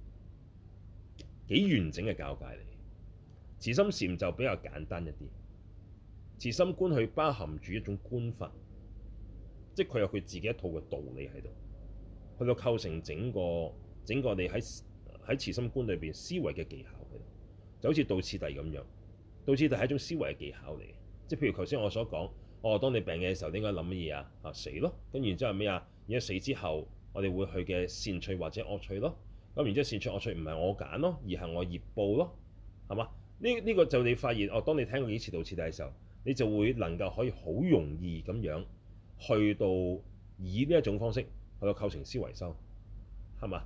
幾完整嘅教界嚟。慈心禪就比較簡單一啲，慈心觀佢包含住一種觀法，即係佢有佢自己一套嘅道理喺度，去到構成整個整個你喺。喺慈心觀裏邊，思維嘅技巧，就是，就好似倒次第咁樣，倒次第係一種思維嘅技巧嚟，即係譬如頭先我所講，哦，當你病嘅時候，應該諗乜嘢啊？啊，死咯，跟然之後咩啊？然後死之後，我哋會去嘅善趣或者惡趣咯。咁然之後善趣惡趣唔係我揀咯，而係我業報咯，係嘛？呢、呢、呢、個呢個就你發現，哦，當你聽過幾次倒次第嘅時候，你就會能夠可以好容易咁樣去到以呢一種方式去到構成思維修，係嘛？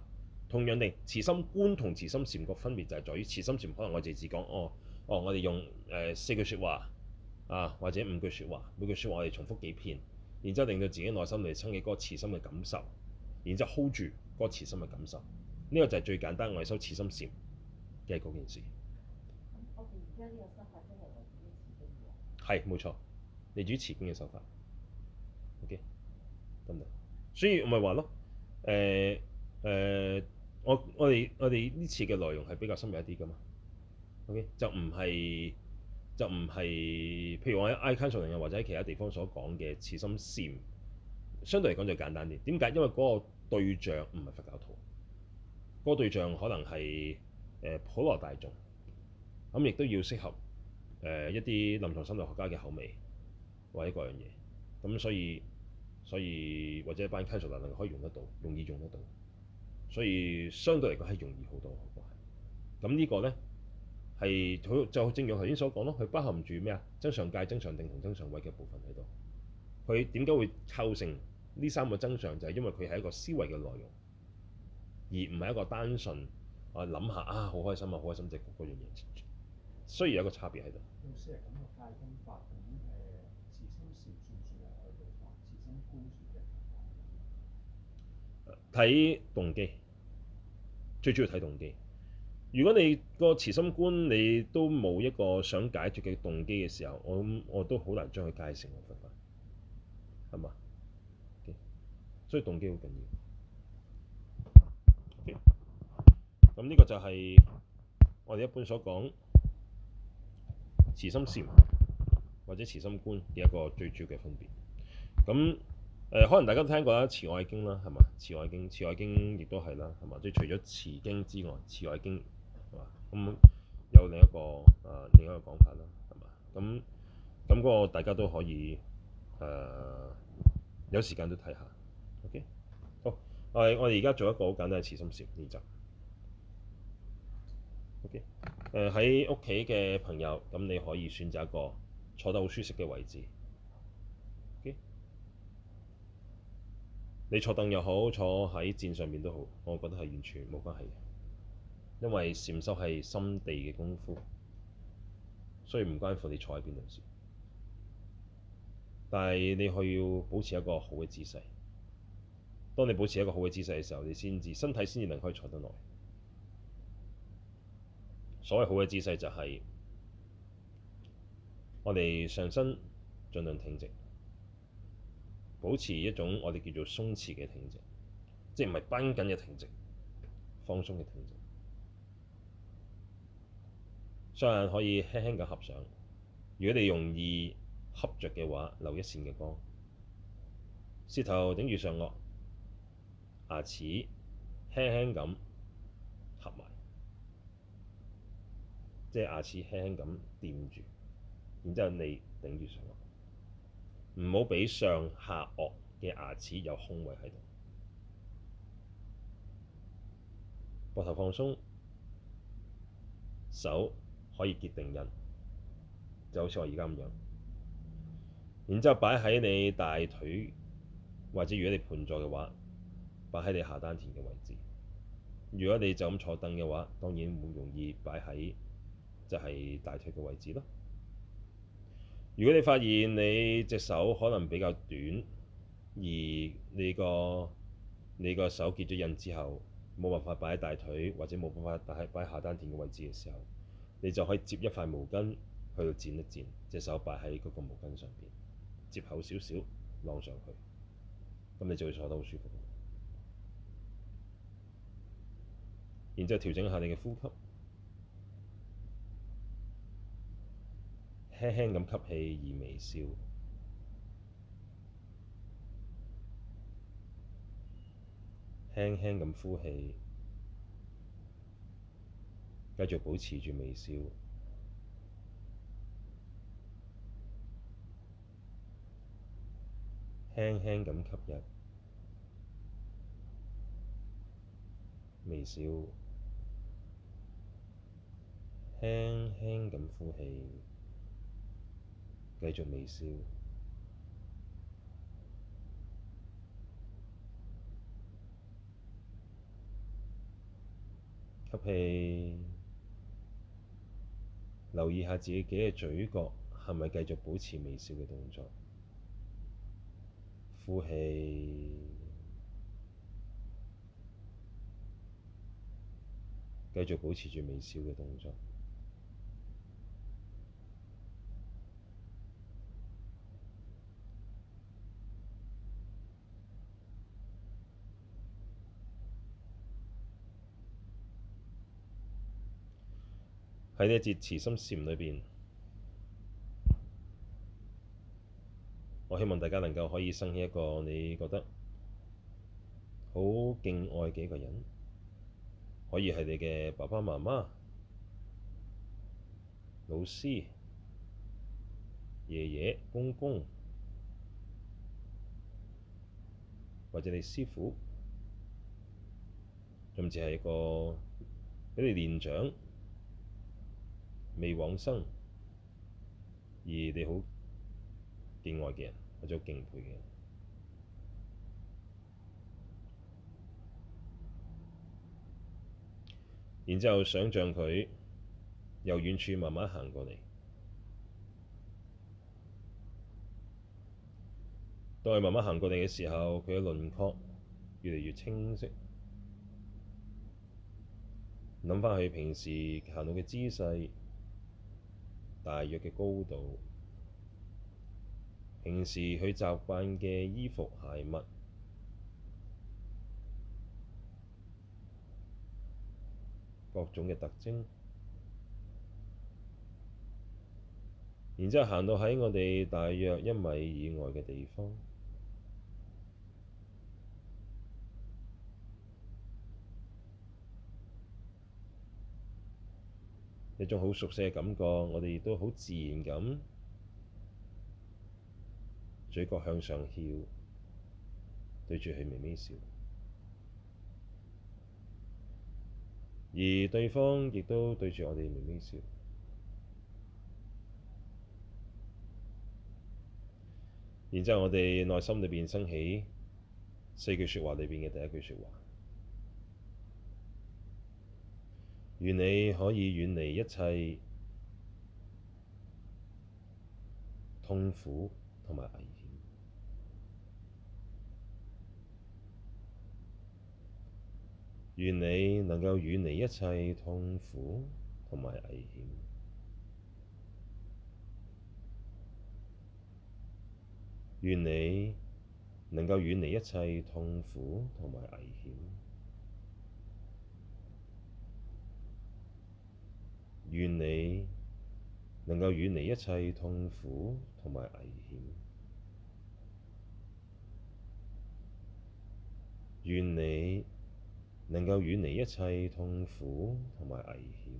同樣地，慈心觀同慈心禪個分別就係在於慈心禪。可能我哋只講哦哦，我哋用誒、呃、四句説話啊，或者五句説話，每句説話我哋重複幾遍，然之後令到自己內心嚟生嘅嗰個慈心嘅感受，然之後 hold 住嗰慈心嘅感受。呢、這個就係最簡單我、嗯，我哋修，慈修「慈心禪」嘅嗰件事係冇錯，嚟自慈經嘅手法。OK 得唔得？所以我咪話咯，誒、呃、誒。呃我我哋我哋呢次嘅內容係比較深入一啲噶嘛，OK 就唔係就唔係，譬如我喺 icon training 或者喺其他地方所講嘅慈心觀，相對嚟講就簡單啲。點解？因為嗰個對象唔係佛教徒，嗰、嗰個對象可能係、呃、普羅大眾，咁亦都要適合誒、呃、一啲臨床心理學家嘅口味或者各樣嘢，咁所以所以或者一班 icon training 可以用得到，容易用得到。所以相對嚟講係容易好多，咁呢個呢，係就正如頭先所講咯，佢包含住咩啊？增上戒、增上定同增上慧嘅部分喺度。佢點解會構成呢三個增上？就係、是、因為佢係一個思維嘅內容，而唔係一個單純啊諗下啊好開心啊好開心隻、啊、嗰樣嘢。雖然有一個差別喺度。睇動機，最主要睇動機。如果你個慈心觀你都冇一個想解決嘅動機嘅時候，我我都好難將佢解成嘅部分，係嘛？Okay. 所以動機好重要。咁、okay. 呢個就係我哋一般所講慈心禪或者慈心觀有一個最主要嘅分別。咁誒、呃、可能大家都聽過啦《慈愛經》啦，係嘛？慈外《慈愛經》《慈愛經》亦都係啦，係嘛？即係除咗《慈經》之外，《慈愛經》係嘛？咁有另一個誒、呃、另一個講法啦，係嘛？咁咁嗰個大家都可以誒、呃、有時間都睇下。OK，好，我我哋而家做一個好簡單嘅慈心觀練習。OK，誒喺屋企嘅朋友，咁你可以選擇一個坐得好舒適嘅位置。你坐凳又好，坐喺墊上面都好，我覺得係完全冇關係嘅，因為禪修係心地嘅功夫，雖然唔關乎你坐喺邊度先。但係你去要保持一個好嘅姿勢，當你保持一個好嘅姿勢嘅時候，你先至身體先至能夠坐得耐。所謂好嘅姿勢就係、是、我哋上身盡量挺直。保持一種我哋叫做鬆弛嘅挺直，即係唔係繃緊嘅挺直，放鬆嘅挺直。雙眼可以輕輕咁合上，如果你容易合着嘅話，留一線嘅光。舌頭頂住上顎，牙齒輕輕咁合埋，即係牙齒輕輕咁掂住，然之後你頂住上顎。唔好畀上下顎嘅牙齒有空位喺度，膊頭放鬆，手可以結定印，就好似我而家咁樣。然之後擺喺你大腿，或者如果你盤坐嘅話，擺喺你下丹田嘅位置。如果你就咁坐凳嘅話，當然唔容易擺喺就係大腿嘅位置咯。如果你發現你隻手可能比較短，而你個你個手結咗印之後冇辦法擺喺大腿或者冇辦法擺喺下丹田嘅位置嘅時候，你就可以摺一塊毛巾去到剪一剪，隻手擺喺嗰個毛巾上邊，摺厚少少，晾上去，咁你就會坐得好舒服。然之後調整下你嘅呼吸。輕輕咁吸氣而微笑，輕輕咁呼氣，繼續保持住微笑，輕輕咁吸氣微笑，輕輕咁呼氣。繼續微笑，吸氣，留意下自己嘅嘴角係咪繼續保持微笑嘅動作。呼氣，繼續保持住微笑嘅動作。喺呢一節慈心禪裏邊，我希望大家能夠可以生起一個你覺得好敬愛嘅一個人，可以係你嘅爸爸媽媽、老師、爺爺、公公，或者你師傅，甚至係一個比你年長，未往生，而你好敬愛嘅人，或者好敬佩嘅人。然之後想像佢由遠處慢慢行過嚟，當佢慢慢行過嚟嘅時候，佢嘅輪廓越嚟越清晰。諗翻起平時行路嘅姿勢。大約嘅高度，平時佢習慣嘅衣服鞋襪、各種嘅特徵，然之後行到喺我哋大約一米以外嘅地方。一種好熟悉嘅感覺，我哋亦都好自然咁，嘴角向上翹，對住佢微微笑，而對方亦都對住我哋微微笑，然之後我哋內心裏邊升起四句説話裏邊嘅第一句説話。願你可以遠離一切痛苦同埋危險。願你能夠遠離一切痛苦同埋危險。願你能夠遠離一切痛苦同埋危險。願你能夠遠離一切痛苦同埋危險。願你能夠遠離一切痛苦同埋危險。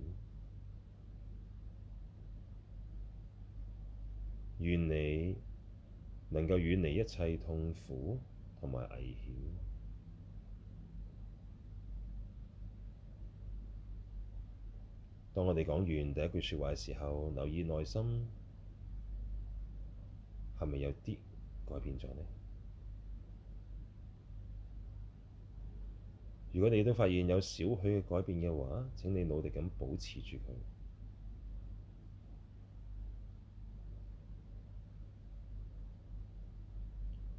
願你能夠遠離一切痛苦同埋危險。當我哋講完第一句説話嘅時候，留意內心係咪有啲改變咗呢？如果你都發現有少許嘅改變嘅話，請你努力噉保持住佢，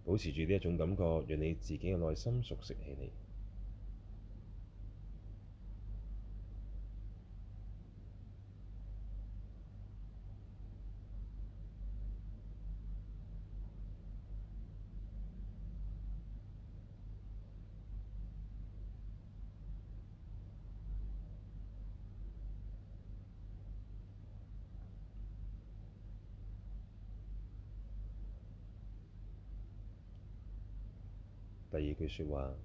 保持住呢一種感覺，讓你自己嘅內心熟悉起嚟。説話，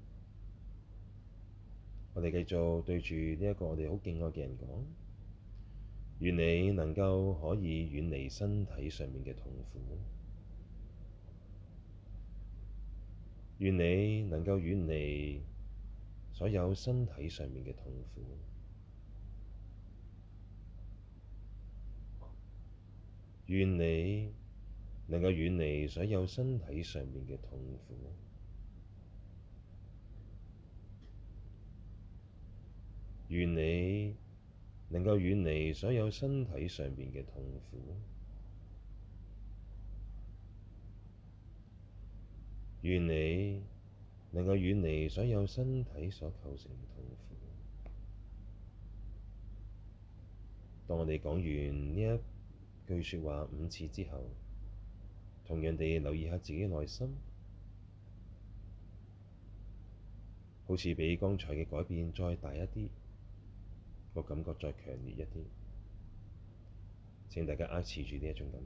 我哋繼續對住呢一個我哋好敬愛嘅人講：願你能夠可以遠離身體上面嘅痛苦，願你能夠遠離所有身體上面嘅痛苦，願你能夠遠離所有身體上面嘅痛苦。願你能夠遠離所有身體上面嘅痛苦，願你能夠遠離所有身體所構成嘅痛苦。當我哋講完呢一句説話五次之後，同樣地留意下自己內心，好似比剛才嘅改變再大一啲。個感覺再強烈一啲，請大家壓持住呢一種感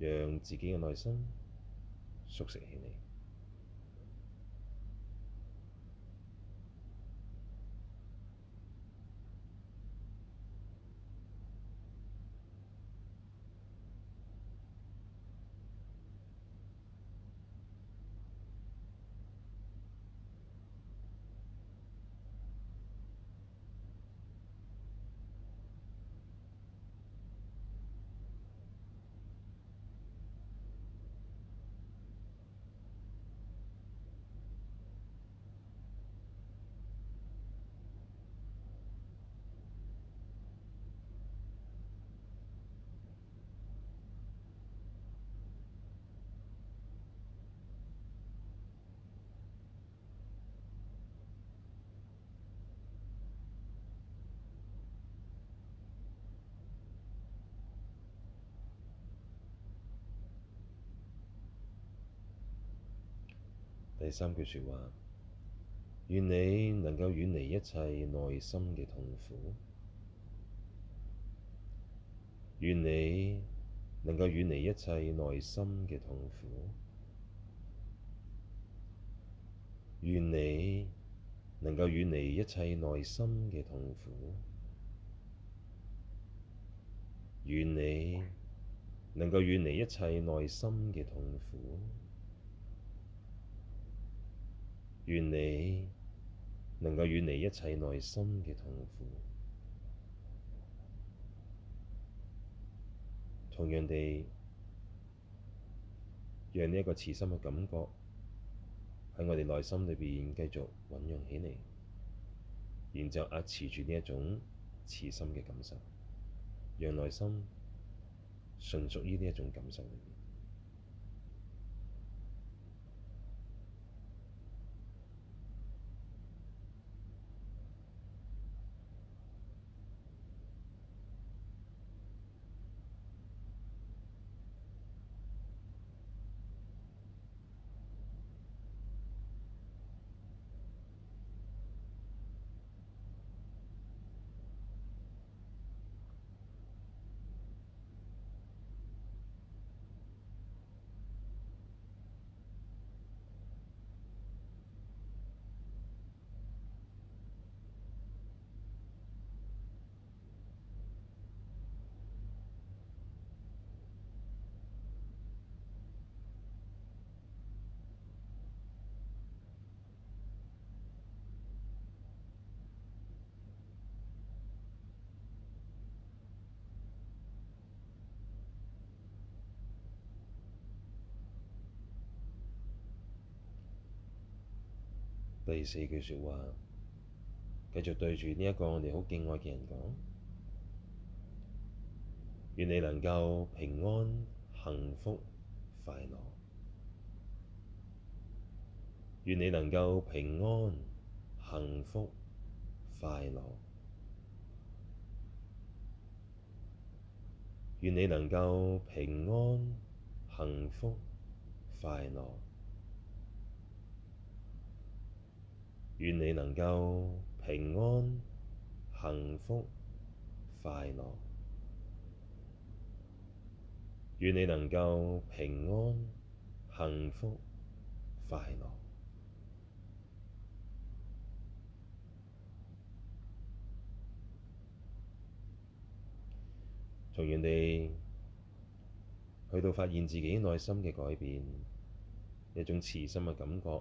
覺，讓自己嘅內心熟悉起嚟。第三句說話，願你能夠遠離一切內心嘅痛苦，願你能夠遠離一切內心嘅痛苦，願你能夠遠離一切內心嘅痛苦。願你能夠遠離一切內心嘅痛苦，同樣地，讓呢一個慈心嘅感覺喺我哋內心裏面繼續揾湧起嚟，然後就壓持住呢一種慈心嘅感受，讓內心純屬於呢一種感受。第四句說話，繼續對住呢一個我哋好敬愛嘅人講：願你能夠平安幸福快樂；願你能夠平安幸福快樂；願你能夠平安幸福快樂。願你能夠平安幸福快樂，願你能夠平安幸福快樂，從原地去到發現自己內心嘅改變，一種慈心嘅感覺，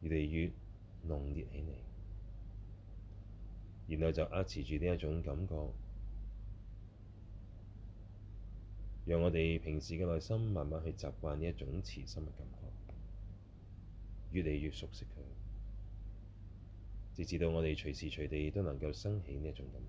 越嚟越濃烈起嚟，然後就呃持住呢一種感覺，讓我哋平時嘅內心慢慢去習慣呢一種慈心嘅感覺，越嚟越熟悉佢，直至到我哋隨時隨地都能夠升起呢一種感覺。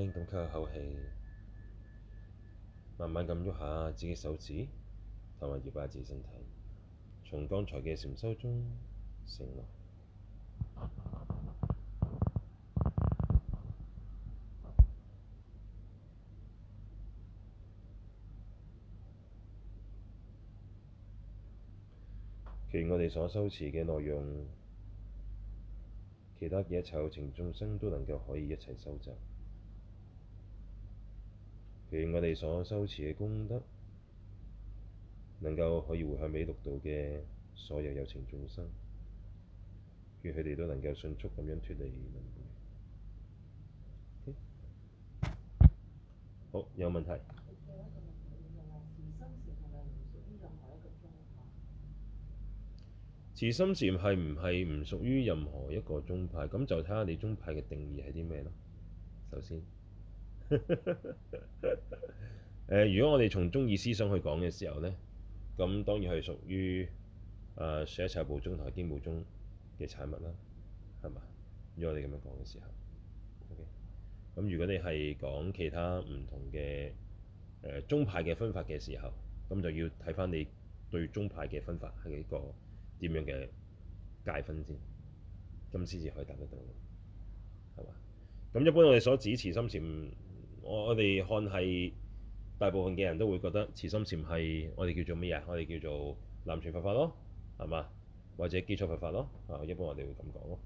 咁吸下口氣，慢慢咁喐下自己手指，同埋搖擺自己身體，從剛才嘅禪修中醒來。 *noise* 其我哋所修持嘅內容，其他嘅一切有情眾生都能夠可以一齊收集。願我哋所修持嘅功德，能夠可以回向俾六道嘅所有有情眾生，願佢哋都能夠迅速咁樣脱離輪迴。好，有問題？慈心禪係唔係唔屬於任何一個宗派？咁就睇下你宗派嘅定義係啲咩咯。首先。誒、 *laughs* 呃，如果我哋從宗義思想去講嘅時候咧，咁當然係屬於誒說一切有部中、同埋經部中嘅產物啦，係嘛？如果我哋咁樣講嘅時候，ok，咁如果你係講其他唔同嘅誒宗派嘅分法嘅時候，咁就要睇返你對宗派嘅分法係一個點樣嘅界分先，咁先至可以答得到，係嘛？咁一般我哋所指慈心禪，我我哋看係大部分嘅人都會覺得慈心禪係我哋叫做咩嘢啊？我哋叫做南傳佛法咯，係嘛？或者基礎佛法咯啊，一般我哋會咁講咯。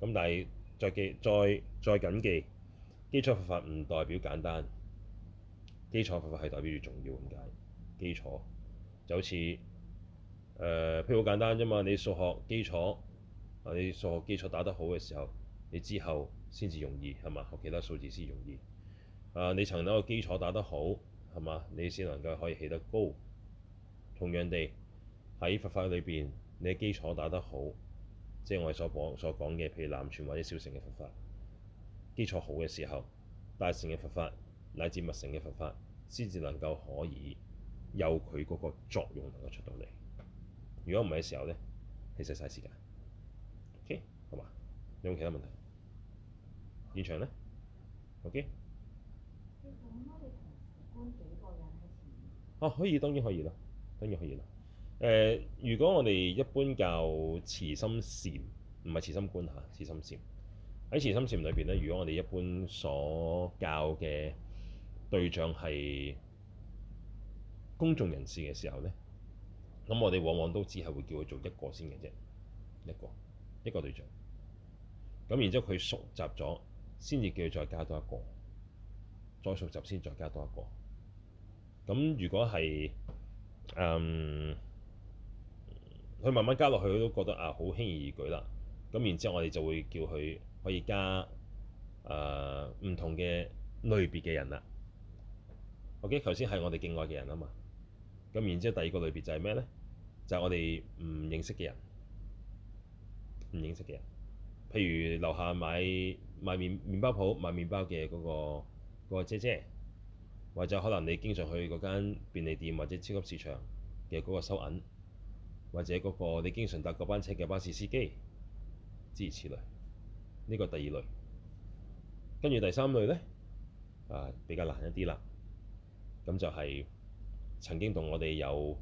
咁但係再記再再緊記，基礎佛法唔代表簡單，基礎佛法係代表住重要咁解。基礎就好似誒，譬如好簡單啫嘛。你數學基礎啊，你數學基礎打得好嘅時候，你之後先至容易係嘛？學其他數字先容易。啊！你層樓嘅基礎打得好係嘛？你先能夠可以起得高。同樣地，喺佛法裏邊，你嘅基礎打得好，即係我哋所講所講嘅，譬如南傳或者小乘嘅佛法，基礎好嘅時候，大乘嘅佛法乃至密乘嘅佛法，先至能夠可以有佢嗰個作用能夠出到嚟。如果唔係嘅時候咧，嘥晒晒時間。OK，好嘛？有冇其他問題？現場咧，OK。哦、啊，可以當然可以咯，當然可以咯。誒、呃，如果我哋一般教慈心禪，唔係慈心觀嚇，慈心禪，喺慈心禪裏邊咧，如果我哋一般所教嘅對象係公眾人士嘅時候咧，咁我哋往往都只係會叫佢做一個先嘅啫，一個一個對象。咁然之後佢熟習咗，先至叫佢再加多一個，再熟習先再加多一個。咁如果係，嗯，佢慢慢加落去，佢都覺得啊，好輕易易舉啦。咁然之後，我哋就會叫佢可以加，誒、呃，唔同嘅類別嘅人啦。OK，頭先係我哋敬愛嘅人啊嘛。咁然之後，第二個類別就係咩呢？就係、是、我哋唔認識嘅人，唔認識嘅人。譬如樓下買買麵麵包鋪賣麵包嘅嗰、那個嗰、那個姐姐。或者可能你經常去嗰間便利店或者超級市場嘅嗰個收銀，或者嗰個你經常搭嗰班車嘅巴士司機，諸如此類。呢個第二類，跟住第三類呢，啊，比較難一啲啦。咁就係曾經同我哋有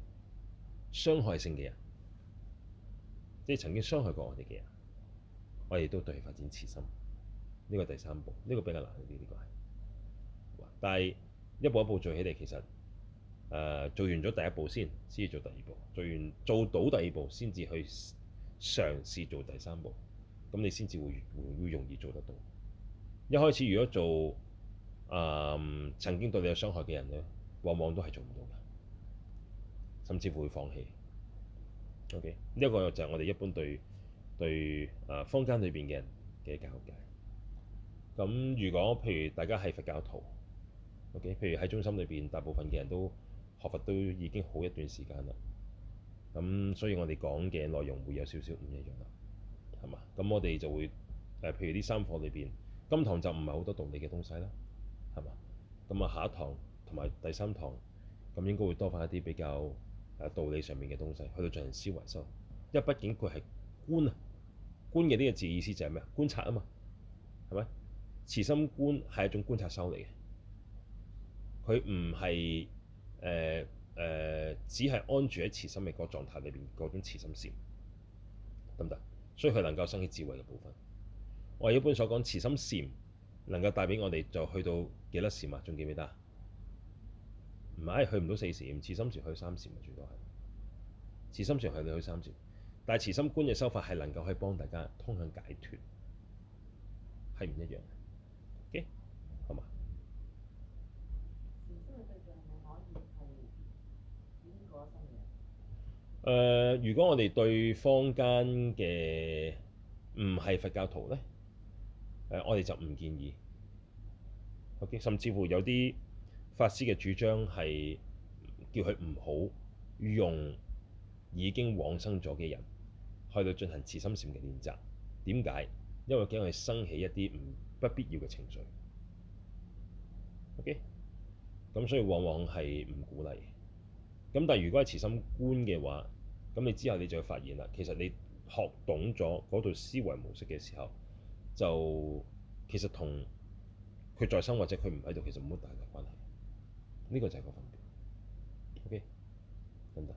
傷害性嘅人，即係曾經傷害過我哋嘅人，我哋都對佢發展慈心。呢個第三步，呢個比較難一啲，呢個係，但係。一步一步做起嚟，其實、呃、做完咗第一步先，先至做第二步，做完做到第二步先至去嘗試做第三步，咁你先至會，會容易做得到。一開始如果做、呃、曾經對你有傷害嘅人呢，往往都係做唔到嘅，甚至會放棄。OK，呢一個就係我哋一般對對誒坊間裏邊嘅人嘅教誡。咁如果譬如大家係佛教徒。Okay, 譬如喺中心裏邊，大部分嘅人都學佛都已經好一段時間啦。咁，所以我哋講嘅內容會有少少唔一樣啦，係嘛？咁我哋就會誒，譬如啲三課裏邊，今堂就唔係好多道理嘅東西啦，係嘛？咁啊，下一堂同埋第三堂咁應該會多翻一啲比較誒道理上面嘅東西，去到進行思維修。因為畢竟佢係觀啊，觀嘅呢個字意思就係咩啊？觀察啊嘛，係咪？慈心觀係一種觀察修嚟嘅。佢唔係誒誒，只係安住喺慈心嘅嗰狀態裏邊嗰種慈心禪，得唔得？所以佢能夠生起智慧嘅部分。我哋一般所講慈心禪能夠帶俾我哋就去到幾多禪啊？仲記唔記得？唔係去唔到四禪，慈心禪去三禪最多係。慈心禪係你去三禪，但係慈心觀嘅修法係能夠去以幫大家通向解脫，係唔一樣。誒、呃，如果我哋對坊間嘅唔係佛教徒呢，呃、我哋就唔建議。OK？甚至乎有啲法師嘅主張係叫佢唔好用已經往生咗嘅人去到進行慈心禪嘅練習。點解？因為驚佢生起一啲唔不必要嘅情緒。O.K.，咁所以往往係唔鼓勵。咁但係如果係慈心觀嘅話，咁你之後，你就會發現啦。其實你學懂咗嗰度思維模式嘅時候，就其實同佢在生或者佢唔喺度，其實冇乜大嘅關係。呢、這個就係個分別。OK，得唔得？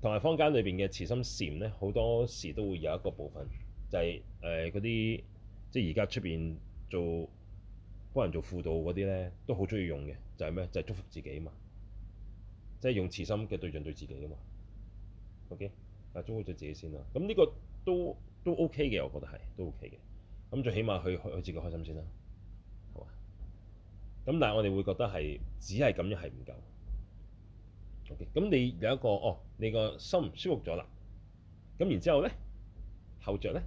同埋坊間裏面嘅慈心禪咧，好多時都會有一個部分，就係嗰啲即係而家出面做幫人做輔導嗰啲咧，都好中意用嘅，就係、是、咩？就係、是、祝福自己嘛，即、就、係、是、用慈心嘅對象對自己啊嘛。O.K. 但中會好咗自己先啦。咁呢個都都 O.K. 嘅，我覺得係都 O.K. 嘅。咁最起碼佢佢自己開心先啦，係嘛？咁但係我哋會覺得係只係咁樣係唔夠。O.K. 咁你有一個哦，你個心唔舒服咗啦。咁然之後咧，後着咧，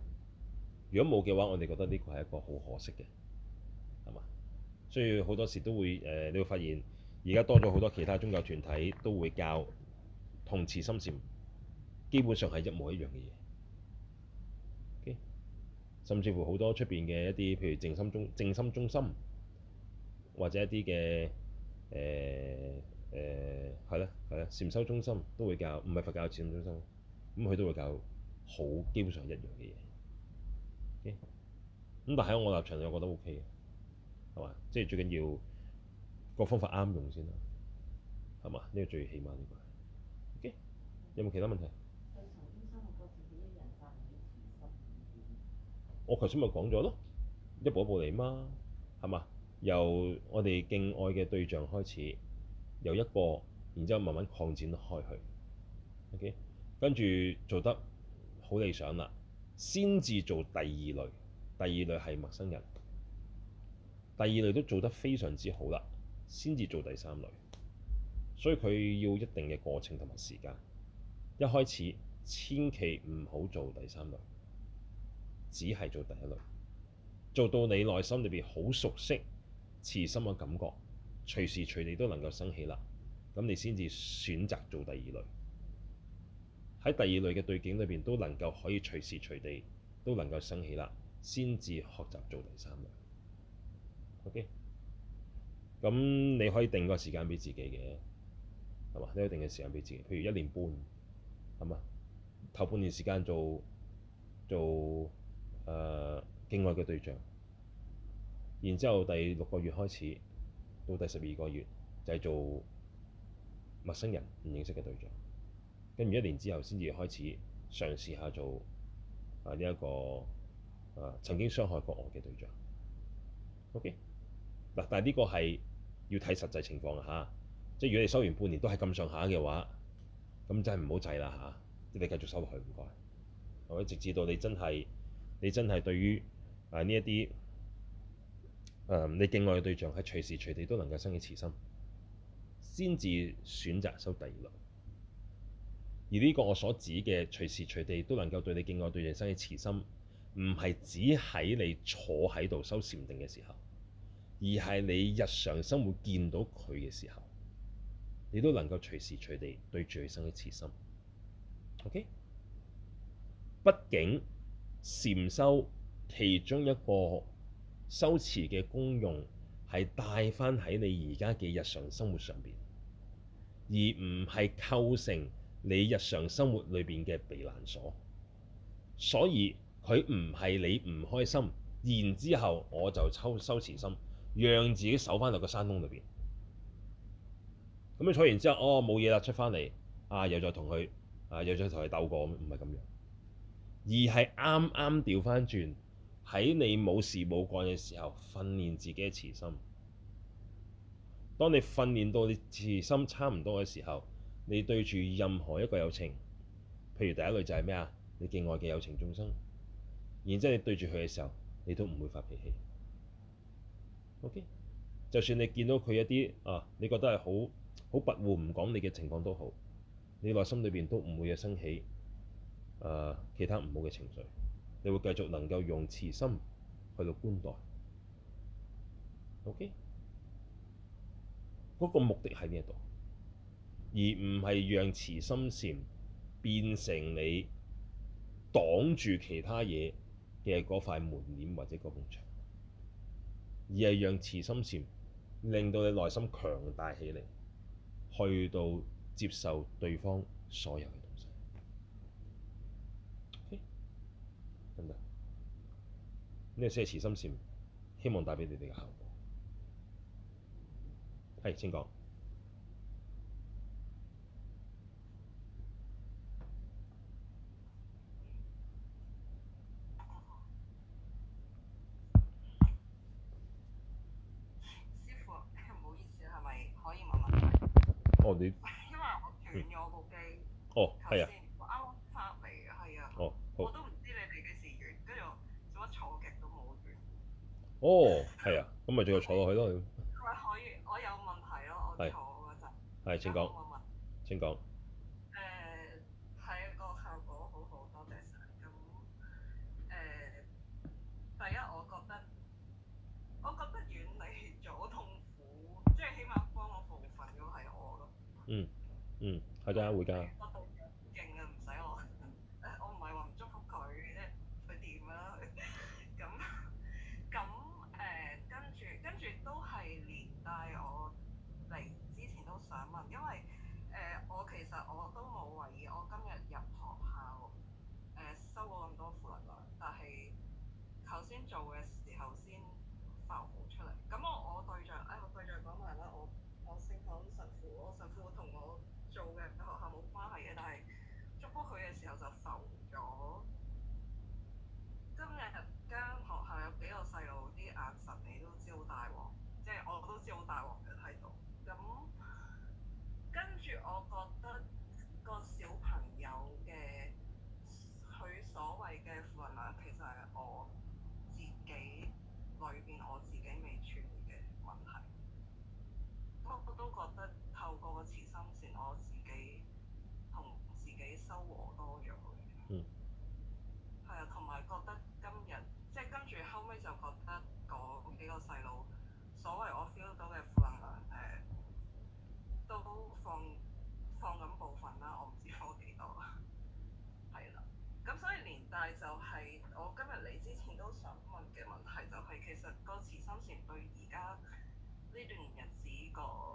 如果冇嘅話，我哋覺得呢個係一個好可惜嘅，係嘛？所以好多時都會誒、呃，你會發現而家多咗好多其他宗教團體都會教同慈心觀。基本上係一模一樣嘅嘢，OK。甚至乎好多出面嘅一啲，譬如靜心中靜心中心，或者一啲嘅誒誒係咧係咧禪修中心都會教，唔係佛教禪修中心，咁佢都會教好，基本上一樣嘅嘢。咁但喺我立場上，我覺得 OK 嘅，係嘛？即係最緊要個方法啱用先啦，係嘛？呢個最起碼呢個。OK。有冇其他問題？我頭先咪講咗咯，一步一步嚟嘛，係嘛？由我哋敬愛嘅對象開始，由一個，然之後慢慢擴展開去。OK，跟住做得好理想啦，先至做第二類。第二類係陌生人，第二類都做得非常之好啦，先至做第三類。所以佢要一定嘅過程同埋時間。一開始千祈唔好做第三類。只係做第一類，做到你內心裏邊好熟悉慈心嘅感覺，隨時隨地都能夠生起啦。咁你先至選擇做第二類，喺第二類嘅對境裏邊，都能夠可以隨時隨地都能夠生起啦。先至學習做第三類。O.K. 咁你可以定個時間俾自己嘅係嘛？你可以定個時間俾自己，譬如一年半係嘛，頭半年時間做做。誒敬愛嘅對象，然之後第六個月開始到第十二個月就係、是、做陌生人唔認識嘅對象，跟住一年之後先至開始嘗試下做啊呢一、這個、啊、曾經傷害過我嘅對象。O.K. 嗱，但係呢個係要睇實際情況啊！嚇，即係如果你收完半年都係咁上下嘅話，咁真係唔好滯啦嚇，你繼續收落去唔該，我一直至到你真係。你真係對於誒呢一啲誒你敬愛嘅對象係隨時隨地都能夠生起慈心，先至選擇修第二輪。而呢個我所指嘅隨時隨地都能夠對你敬愛對象生起慈心，唔係只喺你坐喺度修禪定嘅時候，而係你日常生活見到佢嘅時候，你都能夠隨時隨地對住佢生起慈心。OK，畢竟。禪修其中一個修持嘅功用係帶翻喺你而家嘅日常生活上邊，而唔係構成你日常生活裏邊嘅避難所。所以佢唔係你唔開心，然之後我就抽修持心，讓自己守翻落個山洞裏邊。咁你坐完之後，哦冇嘢啦，出翻嚟，啊又再同佢，啊又再同佢鬥過，唔係咁樣。而係啱啱調翻轉，喺你冇事冇幹嘅時候訓練自己嘅慈心。當你訓練到你慈心差唔多嘅時候，你對住任何一個有情，譬如第一類就係咩啊？你敬愛嘅有情眾生，然之後你對住佢嘅時候，你都唔會發脾氣。OK，就算你見到佢一啲啊，你覺得係好好跋扈，唔講你嘅情況都好，你內心裏邊都唔會有生起。誒、uh, 其他唔好嘅情緒，你會繼續能夠用慈心去到觀待，OK？嗰個目的喺邊度，而唔係讓慈心禪變成你擋住其他嘢嘅嗰塊門簾或者嗰埲牆，而係讓慈心禪令到你內心強大起嚟，去到接受對方所有嘅。呢些慈心禪，希望帶畀你哋嘅效果。係，請講。師傅，唔好意思，係咪可以問我問題？哦，你因為我斷咗部機、嗯。哦，係啊。哦，係啊，咁咪最後坐落去咯。唔係可以，我有問題咯。我坐嗰陣，係，請講。唔好唔好。請講。誒，係個效果好好，多謝晒，咁誒，第一我覺得，我覺得遠離咗痛苦，即係起碼幫我部分都係我咯。嗯嗯，係㗎，回家。所謂我 feel 到嘅負能量，誒、嗯，都放放緊部分啦，我唔知道放多幾多，係啦。咁所以連帶就係、是、我今日嚟之前都想問嘅問題、就是，就係其實個慈心觀對而家呢段日子個。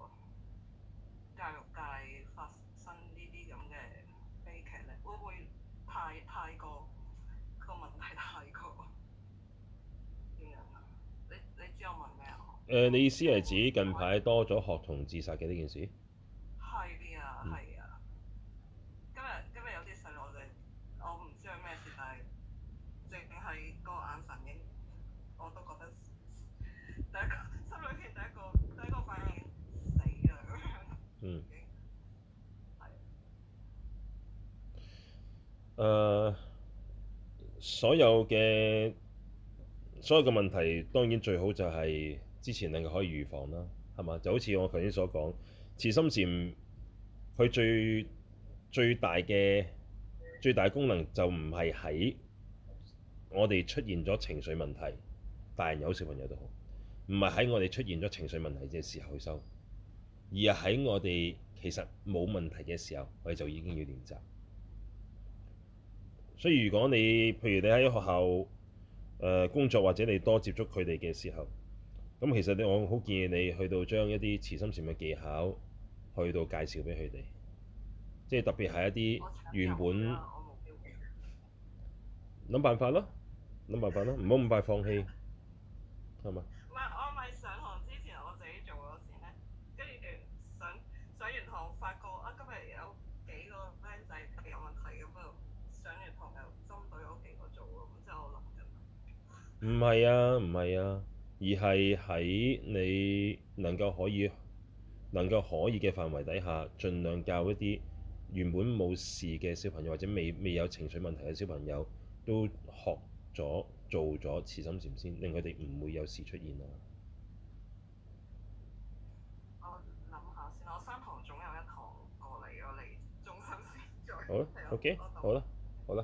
誒、呃，你意思係指近排多咗學童自殺嘅呢件事？係啊，係啊。今日今日有啲細路仔，我唔知係咩事，但係淨係個眼神已經我都覺得心裏邊第一個第一個，第一個反應死、嗯、啊咁樣、呃、所有嘅所有嘅問題，當然最好就係、是。之前能夠可以預防啦，係嘛？就好似我頭先所講，慈心禪佢最最大嘅最大的功能就唔係喺我哋出現咗情緒問題，大人又好，小朋友都好，唔係喺我哋出現咗情緒問題嘅時候去修，而係喺我哋其實冇問題嘅時候，我哋就已經要練習。所以如果你譬如你喺學校誒工作或者你多接觸佢哋嘅時候，咁其實你，我好建議你去到將一啲慈心禪嘅技巧，去到介紹俾佢哋，即係特別係一啲原本諗辦法咯，諗辦法咯，唔好咁快放棄，係 *laughs* 嘛？唔係我咪上堂之前，我自己做咗先。跟住上上完堂發覺啊，今日有幾個僆仔特別有問題咁啊，上完堂又針對嗰幾個做咁之後我諗緊。唔係啊，唔係啊。而係喺你能夠可以能夠可以嘅範圍底下，盡量教一啲原本冇事嘅小朋友，或者未未有情緒問題嘅小朋友，都學咗做咗慈心禪先，令佢哋唔會有事出現啦！我諗下先，我三堂總有一堂過嚟，我嚟中心先再好 OK 好啦，好啦，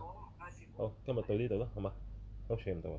好，今日到呢度啦，好嘛？都處唔到。